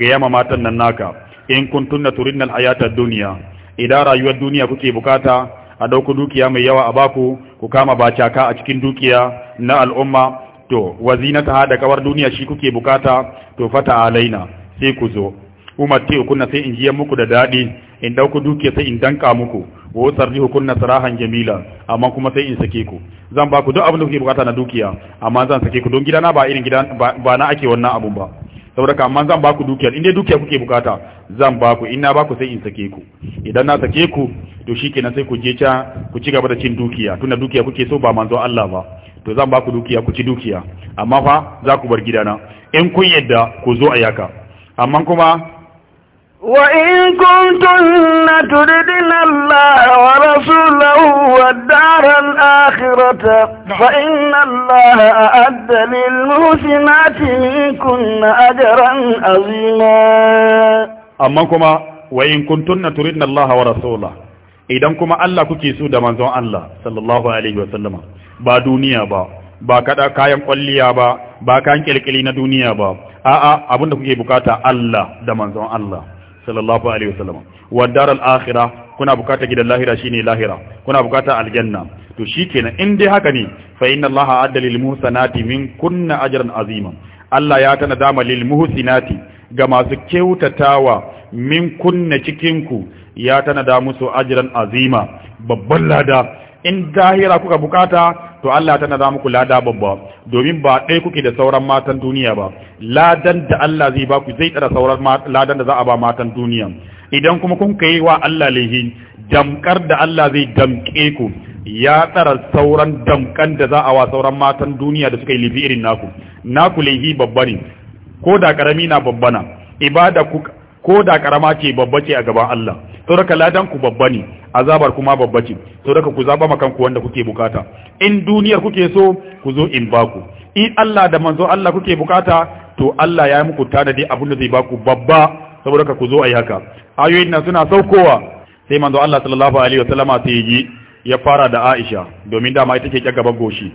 ga yama matan nan naka in kuntunna turidna al-hayata ad-dunya idan rayuwar duniya kuke bukata a ɗauko dukiya mai yawa a baku ku kama bacaka a cikin dukiya na al'umma to wazinata da kawar duniya shi kuke bukata to fata alaina sai ku zo umarti kunna sai in jiyan muku da daɗi in ɗauko dukiya sai in danka muku wa sarrihu kunna sarahan jamila amma kuma sai in sake ku zan ba ku duk abin da kuke bukata na dukiya amma zan sake ku don gidana ba irin gidan ba na ake wannan abun ba saboda amma zan baku ku dukiyar in dukiyar kuke bukata zan ba ku in na ba sai in sake ku idan na sake ku to kenan sai ku je ca ku ci gaba da cin dukiya tunda dukiya kuke so ba manzo Allah ba to zan baku dukiya ku ci dukiya amma fa za ku bar gidana in kun yadda ku zo a yaka amma kuma وإن كنتن تردن الله ورسوله والدار الآخرة فإن الله أعد للمحسنات منكن أجرا عظيما أما كما وإن كنتن تردن الله ورسوله idan kuma Allah kuke so da manzon Allah sallallahu alaihi wa sallama ba duniya ba ba kada kayan kwalliya ba ba kayan kirkiri na duniya ba a'a abinda kuke buƙata Allah da manzon Allah sallallahu alaihi wasallam wa daral akhirah kuna bukata gidan lahira shine lahira kuna bukata aljanna to shikenan in dai haka ne fa inna allaha adda lil muhsanati min kunna ajran azima Allah ya tana dama lil muhsinati ga masu kyautatawa min kunna cikin ku ya tana da musu ajran azima babban lada in dahira kuka bukata to Allah tana za muku lada babba domin ba ɗaya kuke da sauran matan duniya ba ladan da Allah zai baku zai tsara sauran ladan da za a ba matan duniya idan kuma kun kai wa Allah laihi damkar da Allah zai damke ku ya tsara sauran damkan da za a wa sauran matan duniya da suka yi lifi irin naku naku laihi babba ne ko da karami na babbana ibada ku ko da karama ce babba ce a gaban Allah to raka ladan ku babba ne azabar kuma babba ce to raka ku zaba makan ku wanda kuke bukata in duniyar kuke so ku zo in baku in Allah da manzo Allah kuke bukata to Allah ya yi muku tanadi abin da zai baku babba saboda ka ku zo ayi haka ayoyin nan suna saukowa sai manzo Allah sallallahu alaihi sallama sai yi ya fara da Aisha domin dama ita ce gaban goshi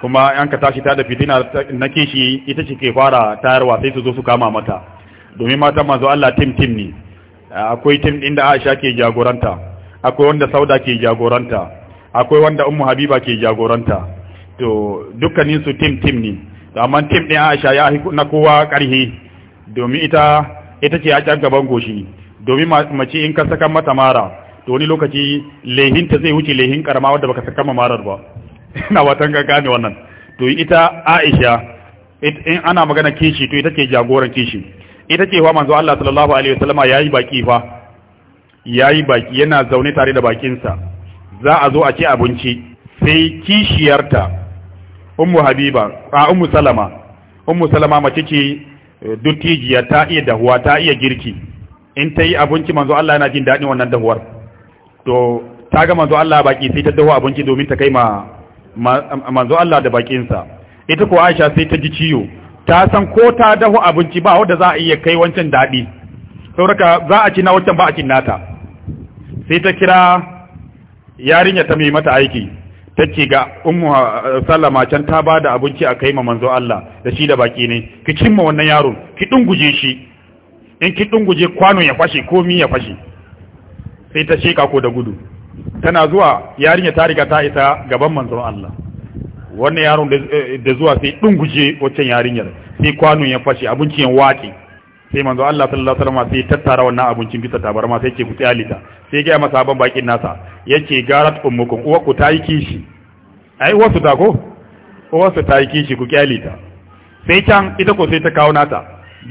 kuma an ka tashi ta da fitina na kishi ita ce ke fara tayarwa sai su zo su kama mata domin matan masu Allah tim tim ne akwai tim din da Aisha ke jagoranta akwai wanda Sauda ke jagoranta akwai wanda Ummu Habiba ke jagoranta to dukkanin su tim tim ne amma tim din Aisha ya na kowa karhi domin ita ita ce a can gaban goshi domin mace in ka saka mata mara to wani lokaci lehinta zai wuce lehin karama wadda baka saka ma marar ba ina watan ka gane wannan to ita Aisha in ana magana kishi to ita ce jagoran kishi ita ce wa manzo Allah sallallahu alaihi wasallama yayi baki fa yayi baki yana zaune tare da bakinsa za a zo a ci abinci sai kishiyarta ummu habiba a ummu salama ummu salama mace ce eh, dutijiya ta iya dahuwa ta iya girki in ta yi abinci manzo Allah yana jin daɗin wannan dahuwar to ta ga manzo Allah baki sai ta dahu abinci domin ta kai ma manzo Allah da bakinsa ita ko Aisha sai ta ji ciwo ta san ko ta dahu abinci ba wanda za a iya kai wancan daɗi sauraka za a ci na wancan ba a cin nata sai ta kira yarinya ta mai mata aiki ta ce ga ummu uh, sallama can ta ba da abinci a kai ma manzo Allah da shi da baki ne ki cimma wannan yaron ki dunguje shi in ki dunguje kwano ya fashe ko ya fashe sai ta sheka ko da gudu tana zuwa yarinya ta riga ta isa gaban manzon Allah wannan yaron eh, da zuwa sai dunguje waccan yarinyar sai kwanon ya fashe abinci ya waki sai manzo Allah sallallahu alaihi wasallam sai tattara wannan abincin bisa tabarma sai ce ku tsayalita sai ga masa ban bakin nasa yace garat ummukum uwa ku tayi kishi ai wasu ta ko ta tayi kishi ku kyalita sai can ita ko sai ta kawo nata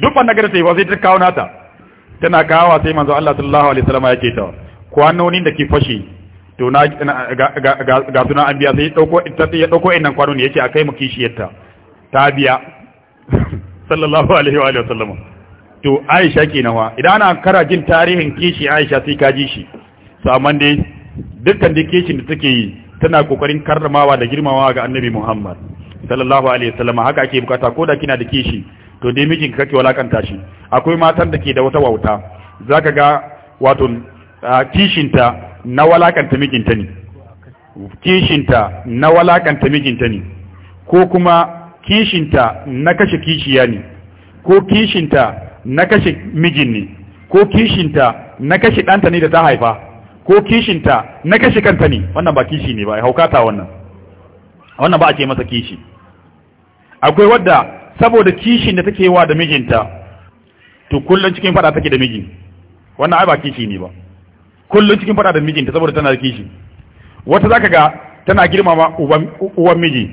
duk wanda gare sai sai ta kawo nata tana kawo sai manzo Allah sallallahu alaihi wasallam yake ta kwanonin da ke fashe to na ga suna an biya sai ya ɗauko innan kwanon ya ce a kai mu kishiyarta ta biya sallallahu alaihi wa alaihi wa sallama. to aisha ke nawa idan ana kara jin tarihin kishi aisha sai ka ji shi saman dai dukkan da kishin da take yi tana kokarin karramawa da girmamawa ga annabi muhammad sallallahu alaihi wa sallama. haka ake bukata ko da kina da kishi to dai mijin kake walakanta shi akwai matan da ke da wata wauta zaka ga wato kishinta na walakanta mijinta ne kishinta na walakanta mijinta ne ko kuma kishinta na kashe kishiya ne ko kishinta na kashe mijin ne ko kishinta na kashe ɗanta ne da ta haifa ko kishinta na kashe kanta ne wannan ba kishi ne ba ya haukata wannan wannan ba a ce masa kishi akwai wadda saboda kishin da take wa da mijinta to kullum cikin fada take da miji wannan ai ba kishi ne ba kullum cikin fada da mijinta saboda tana da kishi wata zaka ga tana girmama uwan miji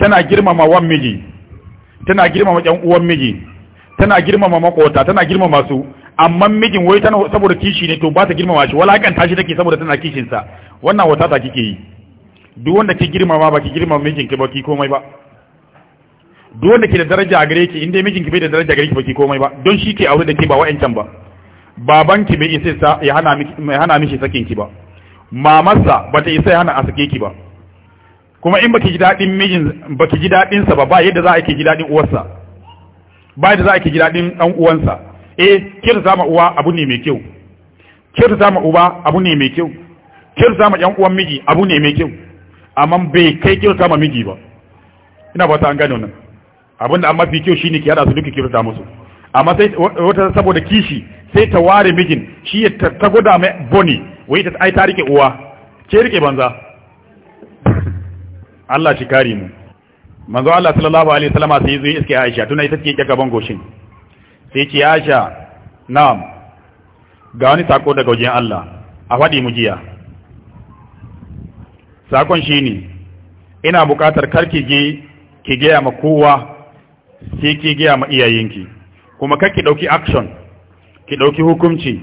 tana girmama wan miji tana girmama ƴan uwan miji tana girmama makota tana girmama su amma mijin wai tana saboda kishi ne to ba ta girmama shi walakanta tashi take saboda tana kishin sa wannan wata ta kike yi duk wanda ki girmama ba ki girmama mijin ki ba ki komai ba duk wanda ke da daraja a gare ki in dai mijin ki bai da daraja a gare ki ba ki komai ba don shi ke aure da ke ba wa'ancan ba Baban ki bai isa ya hana miki hana mishi sakin ki ba mamarsa ta isa ya hana a sake ki ba kuma in baki ji dadin mijin baki ji dadin sa ba ba yadda za a ki ji dadin uwarsa ba yadda za a ki ji dadin dan uwansa eh kirta zama uwa abu ne mai kyau kirta zama uba abu ne mai kyau kirta zama yan uwan miji abu ne mai kyau amma bai kai kirta ma miji ba ina ta an gane wannan abinda an mafi kyau shine ki hada su duka kirta musu amma sai wata saboda kishi sai ta ware mijin shi ya ta guda mai boni wai ta ai ta rike uwa ce rike banza Allah shi kare mu manzo Allah sallallahu alaihi wasallam sai yazo iske Aisha tuna ita take bango goshin sai ce Aisha na'am ga wani sako daga wajen Allah a fadi mu jiya sakon shine ina buƙatar karki je ki gaya ma kowa sai ki gaya ma iyayenki kuma kake dauki action ki ɗauki hukunci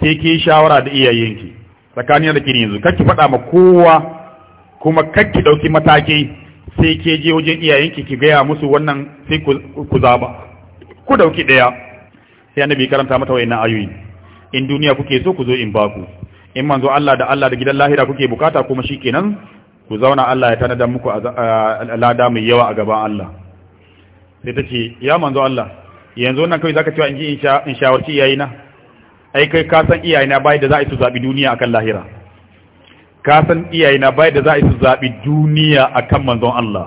sai ki yi shawara da iyayenki tsakaniyar da kini yanzu kakki faɗa ma kowa kuma kakki ɗauki mataki sai ke je wajen iyayenki ki gaya musu wannan sai ku zaba ku ɗauki ɗaya sai annabi karanta mata wayannan ayoyi in duniya kuke so ku zo in baku in manzo Allah da Allah da gidan lahira kuke bukata kuma shikenan ku zauna Allah ya tanada muku lada mai yawa a gaban Allah sai ta ce ya manzo Allah yanzu wannan kawai zaka cewa in ji in shawarci iyayena ai kai ka san iyayena bai da za a yi su zabi duniya akan lahira ka san iyayena bai da za a yi su zabi duniya akan manzon Allah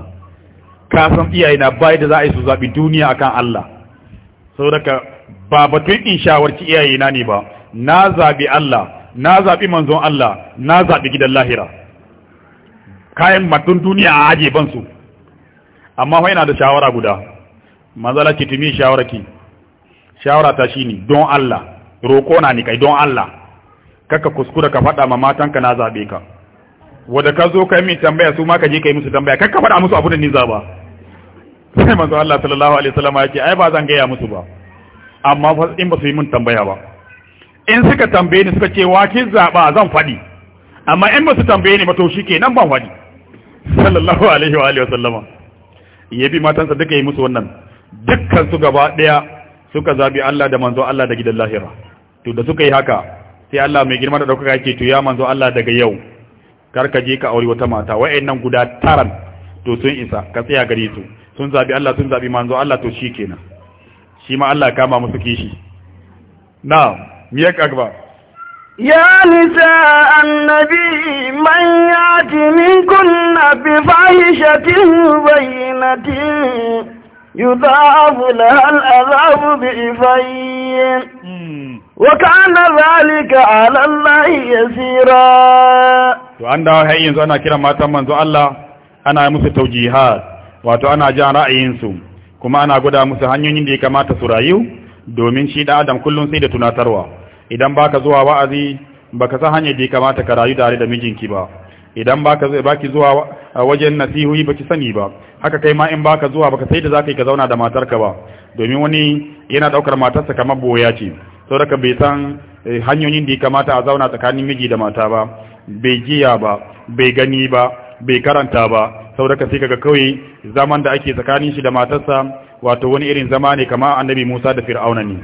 ka san iyayena bai da za a yi su zabi duniya akan Allah saboda ba batun in shawarci iyayena ne ba na zabi Allah na zabi manzon Allah na zabi gidan lahira kayan matun duniya a aje ban su amma fa na da shawara guda mazala ki tumi shawara ki shawara ta shine don Allah roko na ni kai don Allah kaka kuskura ka faɗa ma matanka na zabe ka wanda ka zo kai mi tambaya su ma ka je kai musu tambaya kaka faɗa musu abu da ni zaba sai manzo Allah sallallahu alaihi wasallam ya ce ai ba zan gaya musu ba amma fa in ba su yi mun tambaya ba in suka tambaye ni suka ce wa zaɓa zaba zan faɗi amma in ba su tambaye ni ba to nan ban faɗi sallallahu alaihi wa alihi wasallama yabi matansa duka yi musu wannan dukkan su gaba daya suka zabi Allah da manzo Allah da gidan lahira to da suka yi haka sai Allah mai girma da ɗaukaka yake to ya manzo Allah daga yau kar ka je ka aure wata mata nan guda taran to sun isa ka tsaya gare su sun zabi Allah sun zabi manzo Allah to shikenan shi ma Allah kama musu kishi na miya kagba يا نساء النبي من يأتي منكن بفاحشة بينة يضاعف لها العذاب بإفين وكان ذلك على الله يسيرا to an dawo har yanzu ana kiran matan manzo Allah ana musu taujihat wato ana jan ra'ayinsu kuma ana gwada musu hanyoyin da ya kamata su rayu domin shi da Adam kullum sai da tunatarwa idan baka zuwa wa'azi baka san hanyar da ya kamata ka rayu tare da mijinki ba idan baki zuwa a wajen nasihohi baki sani ba haka kai ma in baka zuwa baka sai da zaka yi ka zauna da matarka ba domin wani yana daukar matarsa kamar boya ce saboda bai san eh, hanyoyin da ya kamata a zauna tsakanin miji da mata ba bai jiya ba bai gani ba bai karanta ba saboda sai kaga kawai zaman da ake tsakanin shi da matarsa wato wani irin zama ne kamar annabi Musa da Fir'auna ne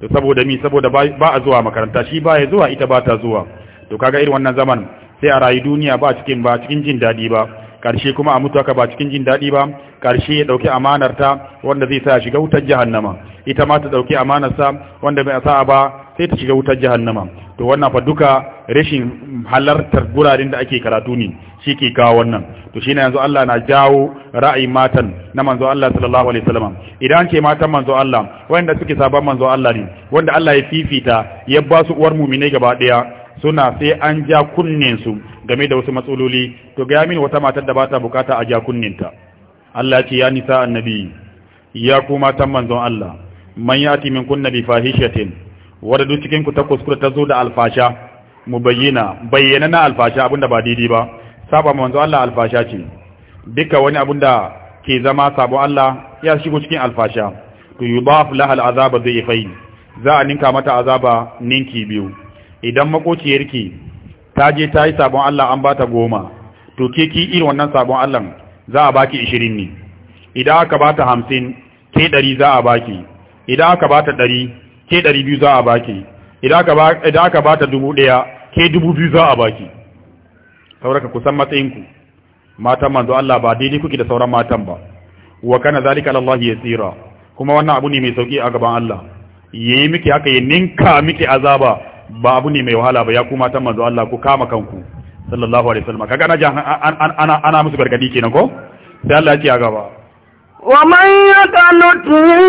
to saboda mi saboda ba a zuwa makaranta shi ba ya zuwa ita ba ta zuwa to kaga irin wannan zaman sai a rayu duniya ba cikin ba cikin jin daɗi ba karshe kuma a mutu aka ba cikin jin daɗi ba karshe ya ɗauki ta wanda zai sa shiga wutar jahannama ita ma ta ɗauki sa wanda bai sa ba sai ta shiga wutar jahannama to wannan fa duka rashin halartar guraren da ake karatu ne shi ke kawo wannan to shine yanzu Allah na jawo ra'ayin matan na manzo Allah sallallahu alaihi wasallam idan ce matan manzo Allah wanda suke saban manzo Allah ne wanda Allah ya fifita ya ba su uwar mu'mine gaba daya suna sai an ja kunnen su game da wasu matsaloli to ga min wata matar da bata bukata a ja kunninta Allah ce ya nisa annabi ya ku matan manzon Allah man yati min kunna bi fahishatin wadadu duk cikin ku ta kuskure ta zo da alfasha mu bayyana bayyana na alfasha abinda ba daidai ba saba manzon Allah alfasha ce duka wani abinda ke zama sabo Allah ya shigo cikin alfasha to yudaf laha al'azaba fai za a ninka mata azaba ninki biyu idan makociyarki ta je ta yi sabon Allah an ba ta goma to ke ki irin wannan sabon Allah za a baki ishirin ne idan aka ba ta hamsin ke ɗari za a baki idan aka ba ta ɗari ke ɗari biyu za a baki idan aka ba ta dubu ɗaya ke dubu biyu za a baki sauraka kusan matsayinku matan manzo Allah ba daidai kuke da sauran matan ba wa kana zalika lallahi yasira kuma wannan abu ne mai sauki a gaban Allah yayi miki haka ya ninka miki azaba ba abu ne mai wahala ba ya kuma ta manzo Allah ku kama kanku sallallahu alaihi wasallam kaga naji ana ana musu gargadi kenan ko sai Allah ya ci gaba wa man yaqanut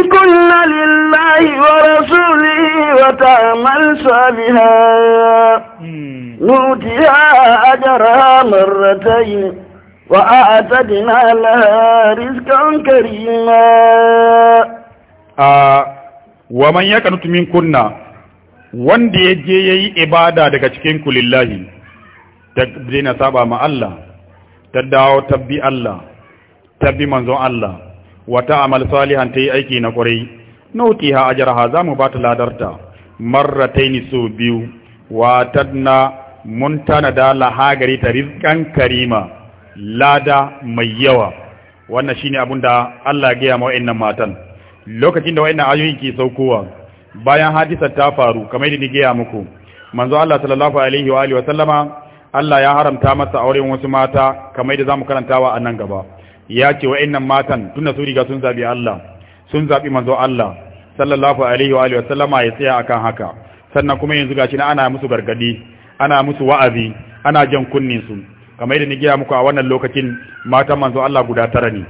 kunna lillahi wa rasulihi wa ta'mal sabiha hmm. nudiya ajra marratayn wa a'tadna laha rizqan karima a ah, wa man yaqanut min kunna wanda ya je ya yi ibada daga cikin kulillahi ta daina saba ma Allah ta dawo tabbi Allah tabbi manzon Allah wata amal salihan ta yi aiki na kwarai nauti ha ajaraha za mu ba ta ladarta marrataini so biyu na mun tanada laha ta rizkan karima lada mai yawa wannan shine abin da Allah ya gaya ma wa'annan matan lokacin da wa'annan ayoyin ke saukowa bayan hadisar ta faru kamar yadda nige ya muku manzo Allah sallallahu alaihi wa alihi wa sallama Allah ya haramta masa auren wasu mata kamar yadda zamu karantawa a nan gaba ya ce innan matan tunda su riga sun zabi Allah sun zabi manzo Allah sallallahu alaihi wa alihi wa sallama ya tsaya akan haka sannan kuma yanzu gashi na ana musu gargadi ana musu wa'azi ana jan kunnin su kamar yadda nige ya muku a wannan lokacin matan manzo Allah guda tara ne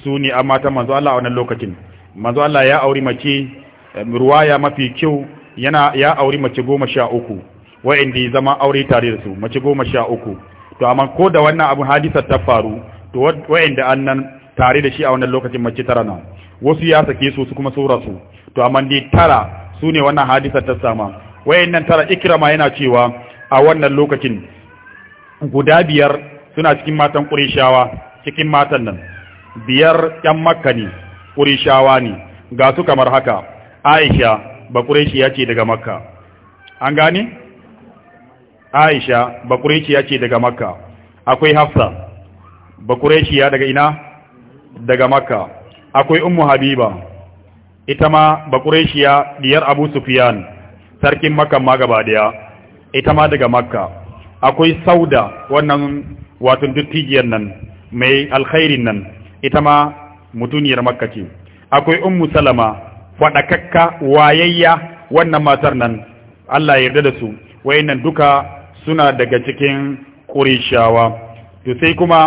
su ne a matan manzo Allah a wannan lokacin manzo Allah ya auri mace ruwaya mafi kyau yana ya auri mace goma sha uku wa'inda ya zama aure tare da su mace goma sha uku to amma ko da wannan abin hadisa ta faru to wa'inda nan tare da shi a wannan lokacin mace tara na wasu ya sake su su kuma su rasu to amma dai tara su ne wannan hadisa ta sama nan tara ikrama yana cewa a wannan lokacin guda biyar suna cikin matan ƙurishawa cikin matan nan biyar ƴan makka ne ƙurishawa ne ga su kamar haka aisha bakureshi ya ce daga makka an gani? aisha bakureshi ya ce daga makka akwai hafsa bakureshi ya daga ina daga makka akwai ummu habiba ita ma bakureshi ya diyar abu sufyan sarkin makka ma gaba daya ita ma daga makka akwai sauda wannan wato duttijiyar nan mai alkhairin nan ita ma mutuniyar makka ce akwai ummu salama faɗakakka wayayya wannan matar nan Allah ya yarda da su wayannan duka suna daga cikin Qurayshawa to sai kuma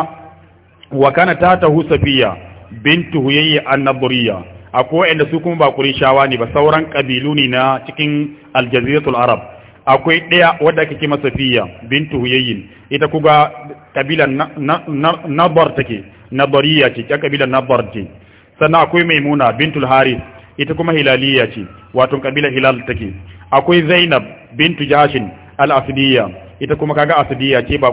wa kana tatahu safiya bintu huyayya an-nadriya akwai wayanda su kuma ba Qurayshawa ne ba sauran kabilu ne na cikin aljaziratul arab akwai daya wadda ake kima safiya bintu huyayyin ita kuga kabilan nabar take nabariya ce kabilan nabar ce sannan akwai maimuna bintul Haris. ita kuma hilaliya ce wato kabila hilal take akwai zainab bintu jashin al asidiyya ita kuma kaga asidiyya ce ba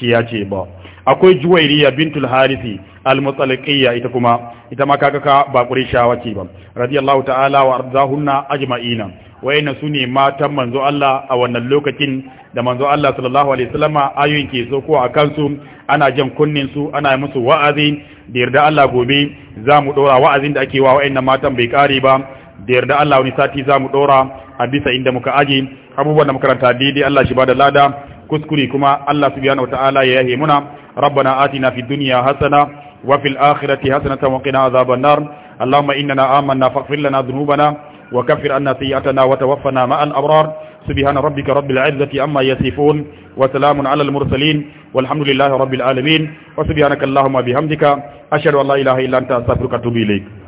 ya ce ba akwai juwairiya bintul harisi al-mutalaqiyya ita kuma ita ma kaga ka bakuraiya ce ba radiyallahu ta'ala wa ardahunna ajma'ina wayannan su ne matan manzo Allah a wannan lokacin da manzo Allah sallallahu alaihi wasallama ayoyin ke so ko a kansu ana jan kunnin su ana musu wa'azi da yarda Allah gobe za mu dora wa'azin da ake wa wayannan matan bai kare ba da yarda Allah wani sati za mu dora a bisa inda muka aje abubuwan da makaranta daidai Allah shi bada lada kuskure kuma Allah subhanahu wataala ya yahe muna ربنا آتنا في الدنيا حسنة وفي الآخرة حسنة وقنا عذاب النار اللهم إننا آمنا فاغفر لنا ذنوبنا وكفر عنا سيئتنا وتوفنا مع الأبرار سبحان ربك رب العزة أما يصفون وسلام على المرسلين والحمد لله رب العالمين وسبحانك اللهم بحمدك أشهد أن لا إله إلا أنت أستغفرك وأتوب إليك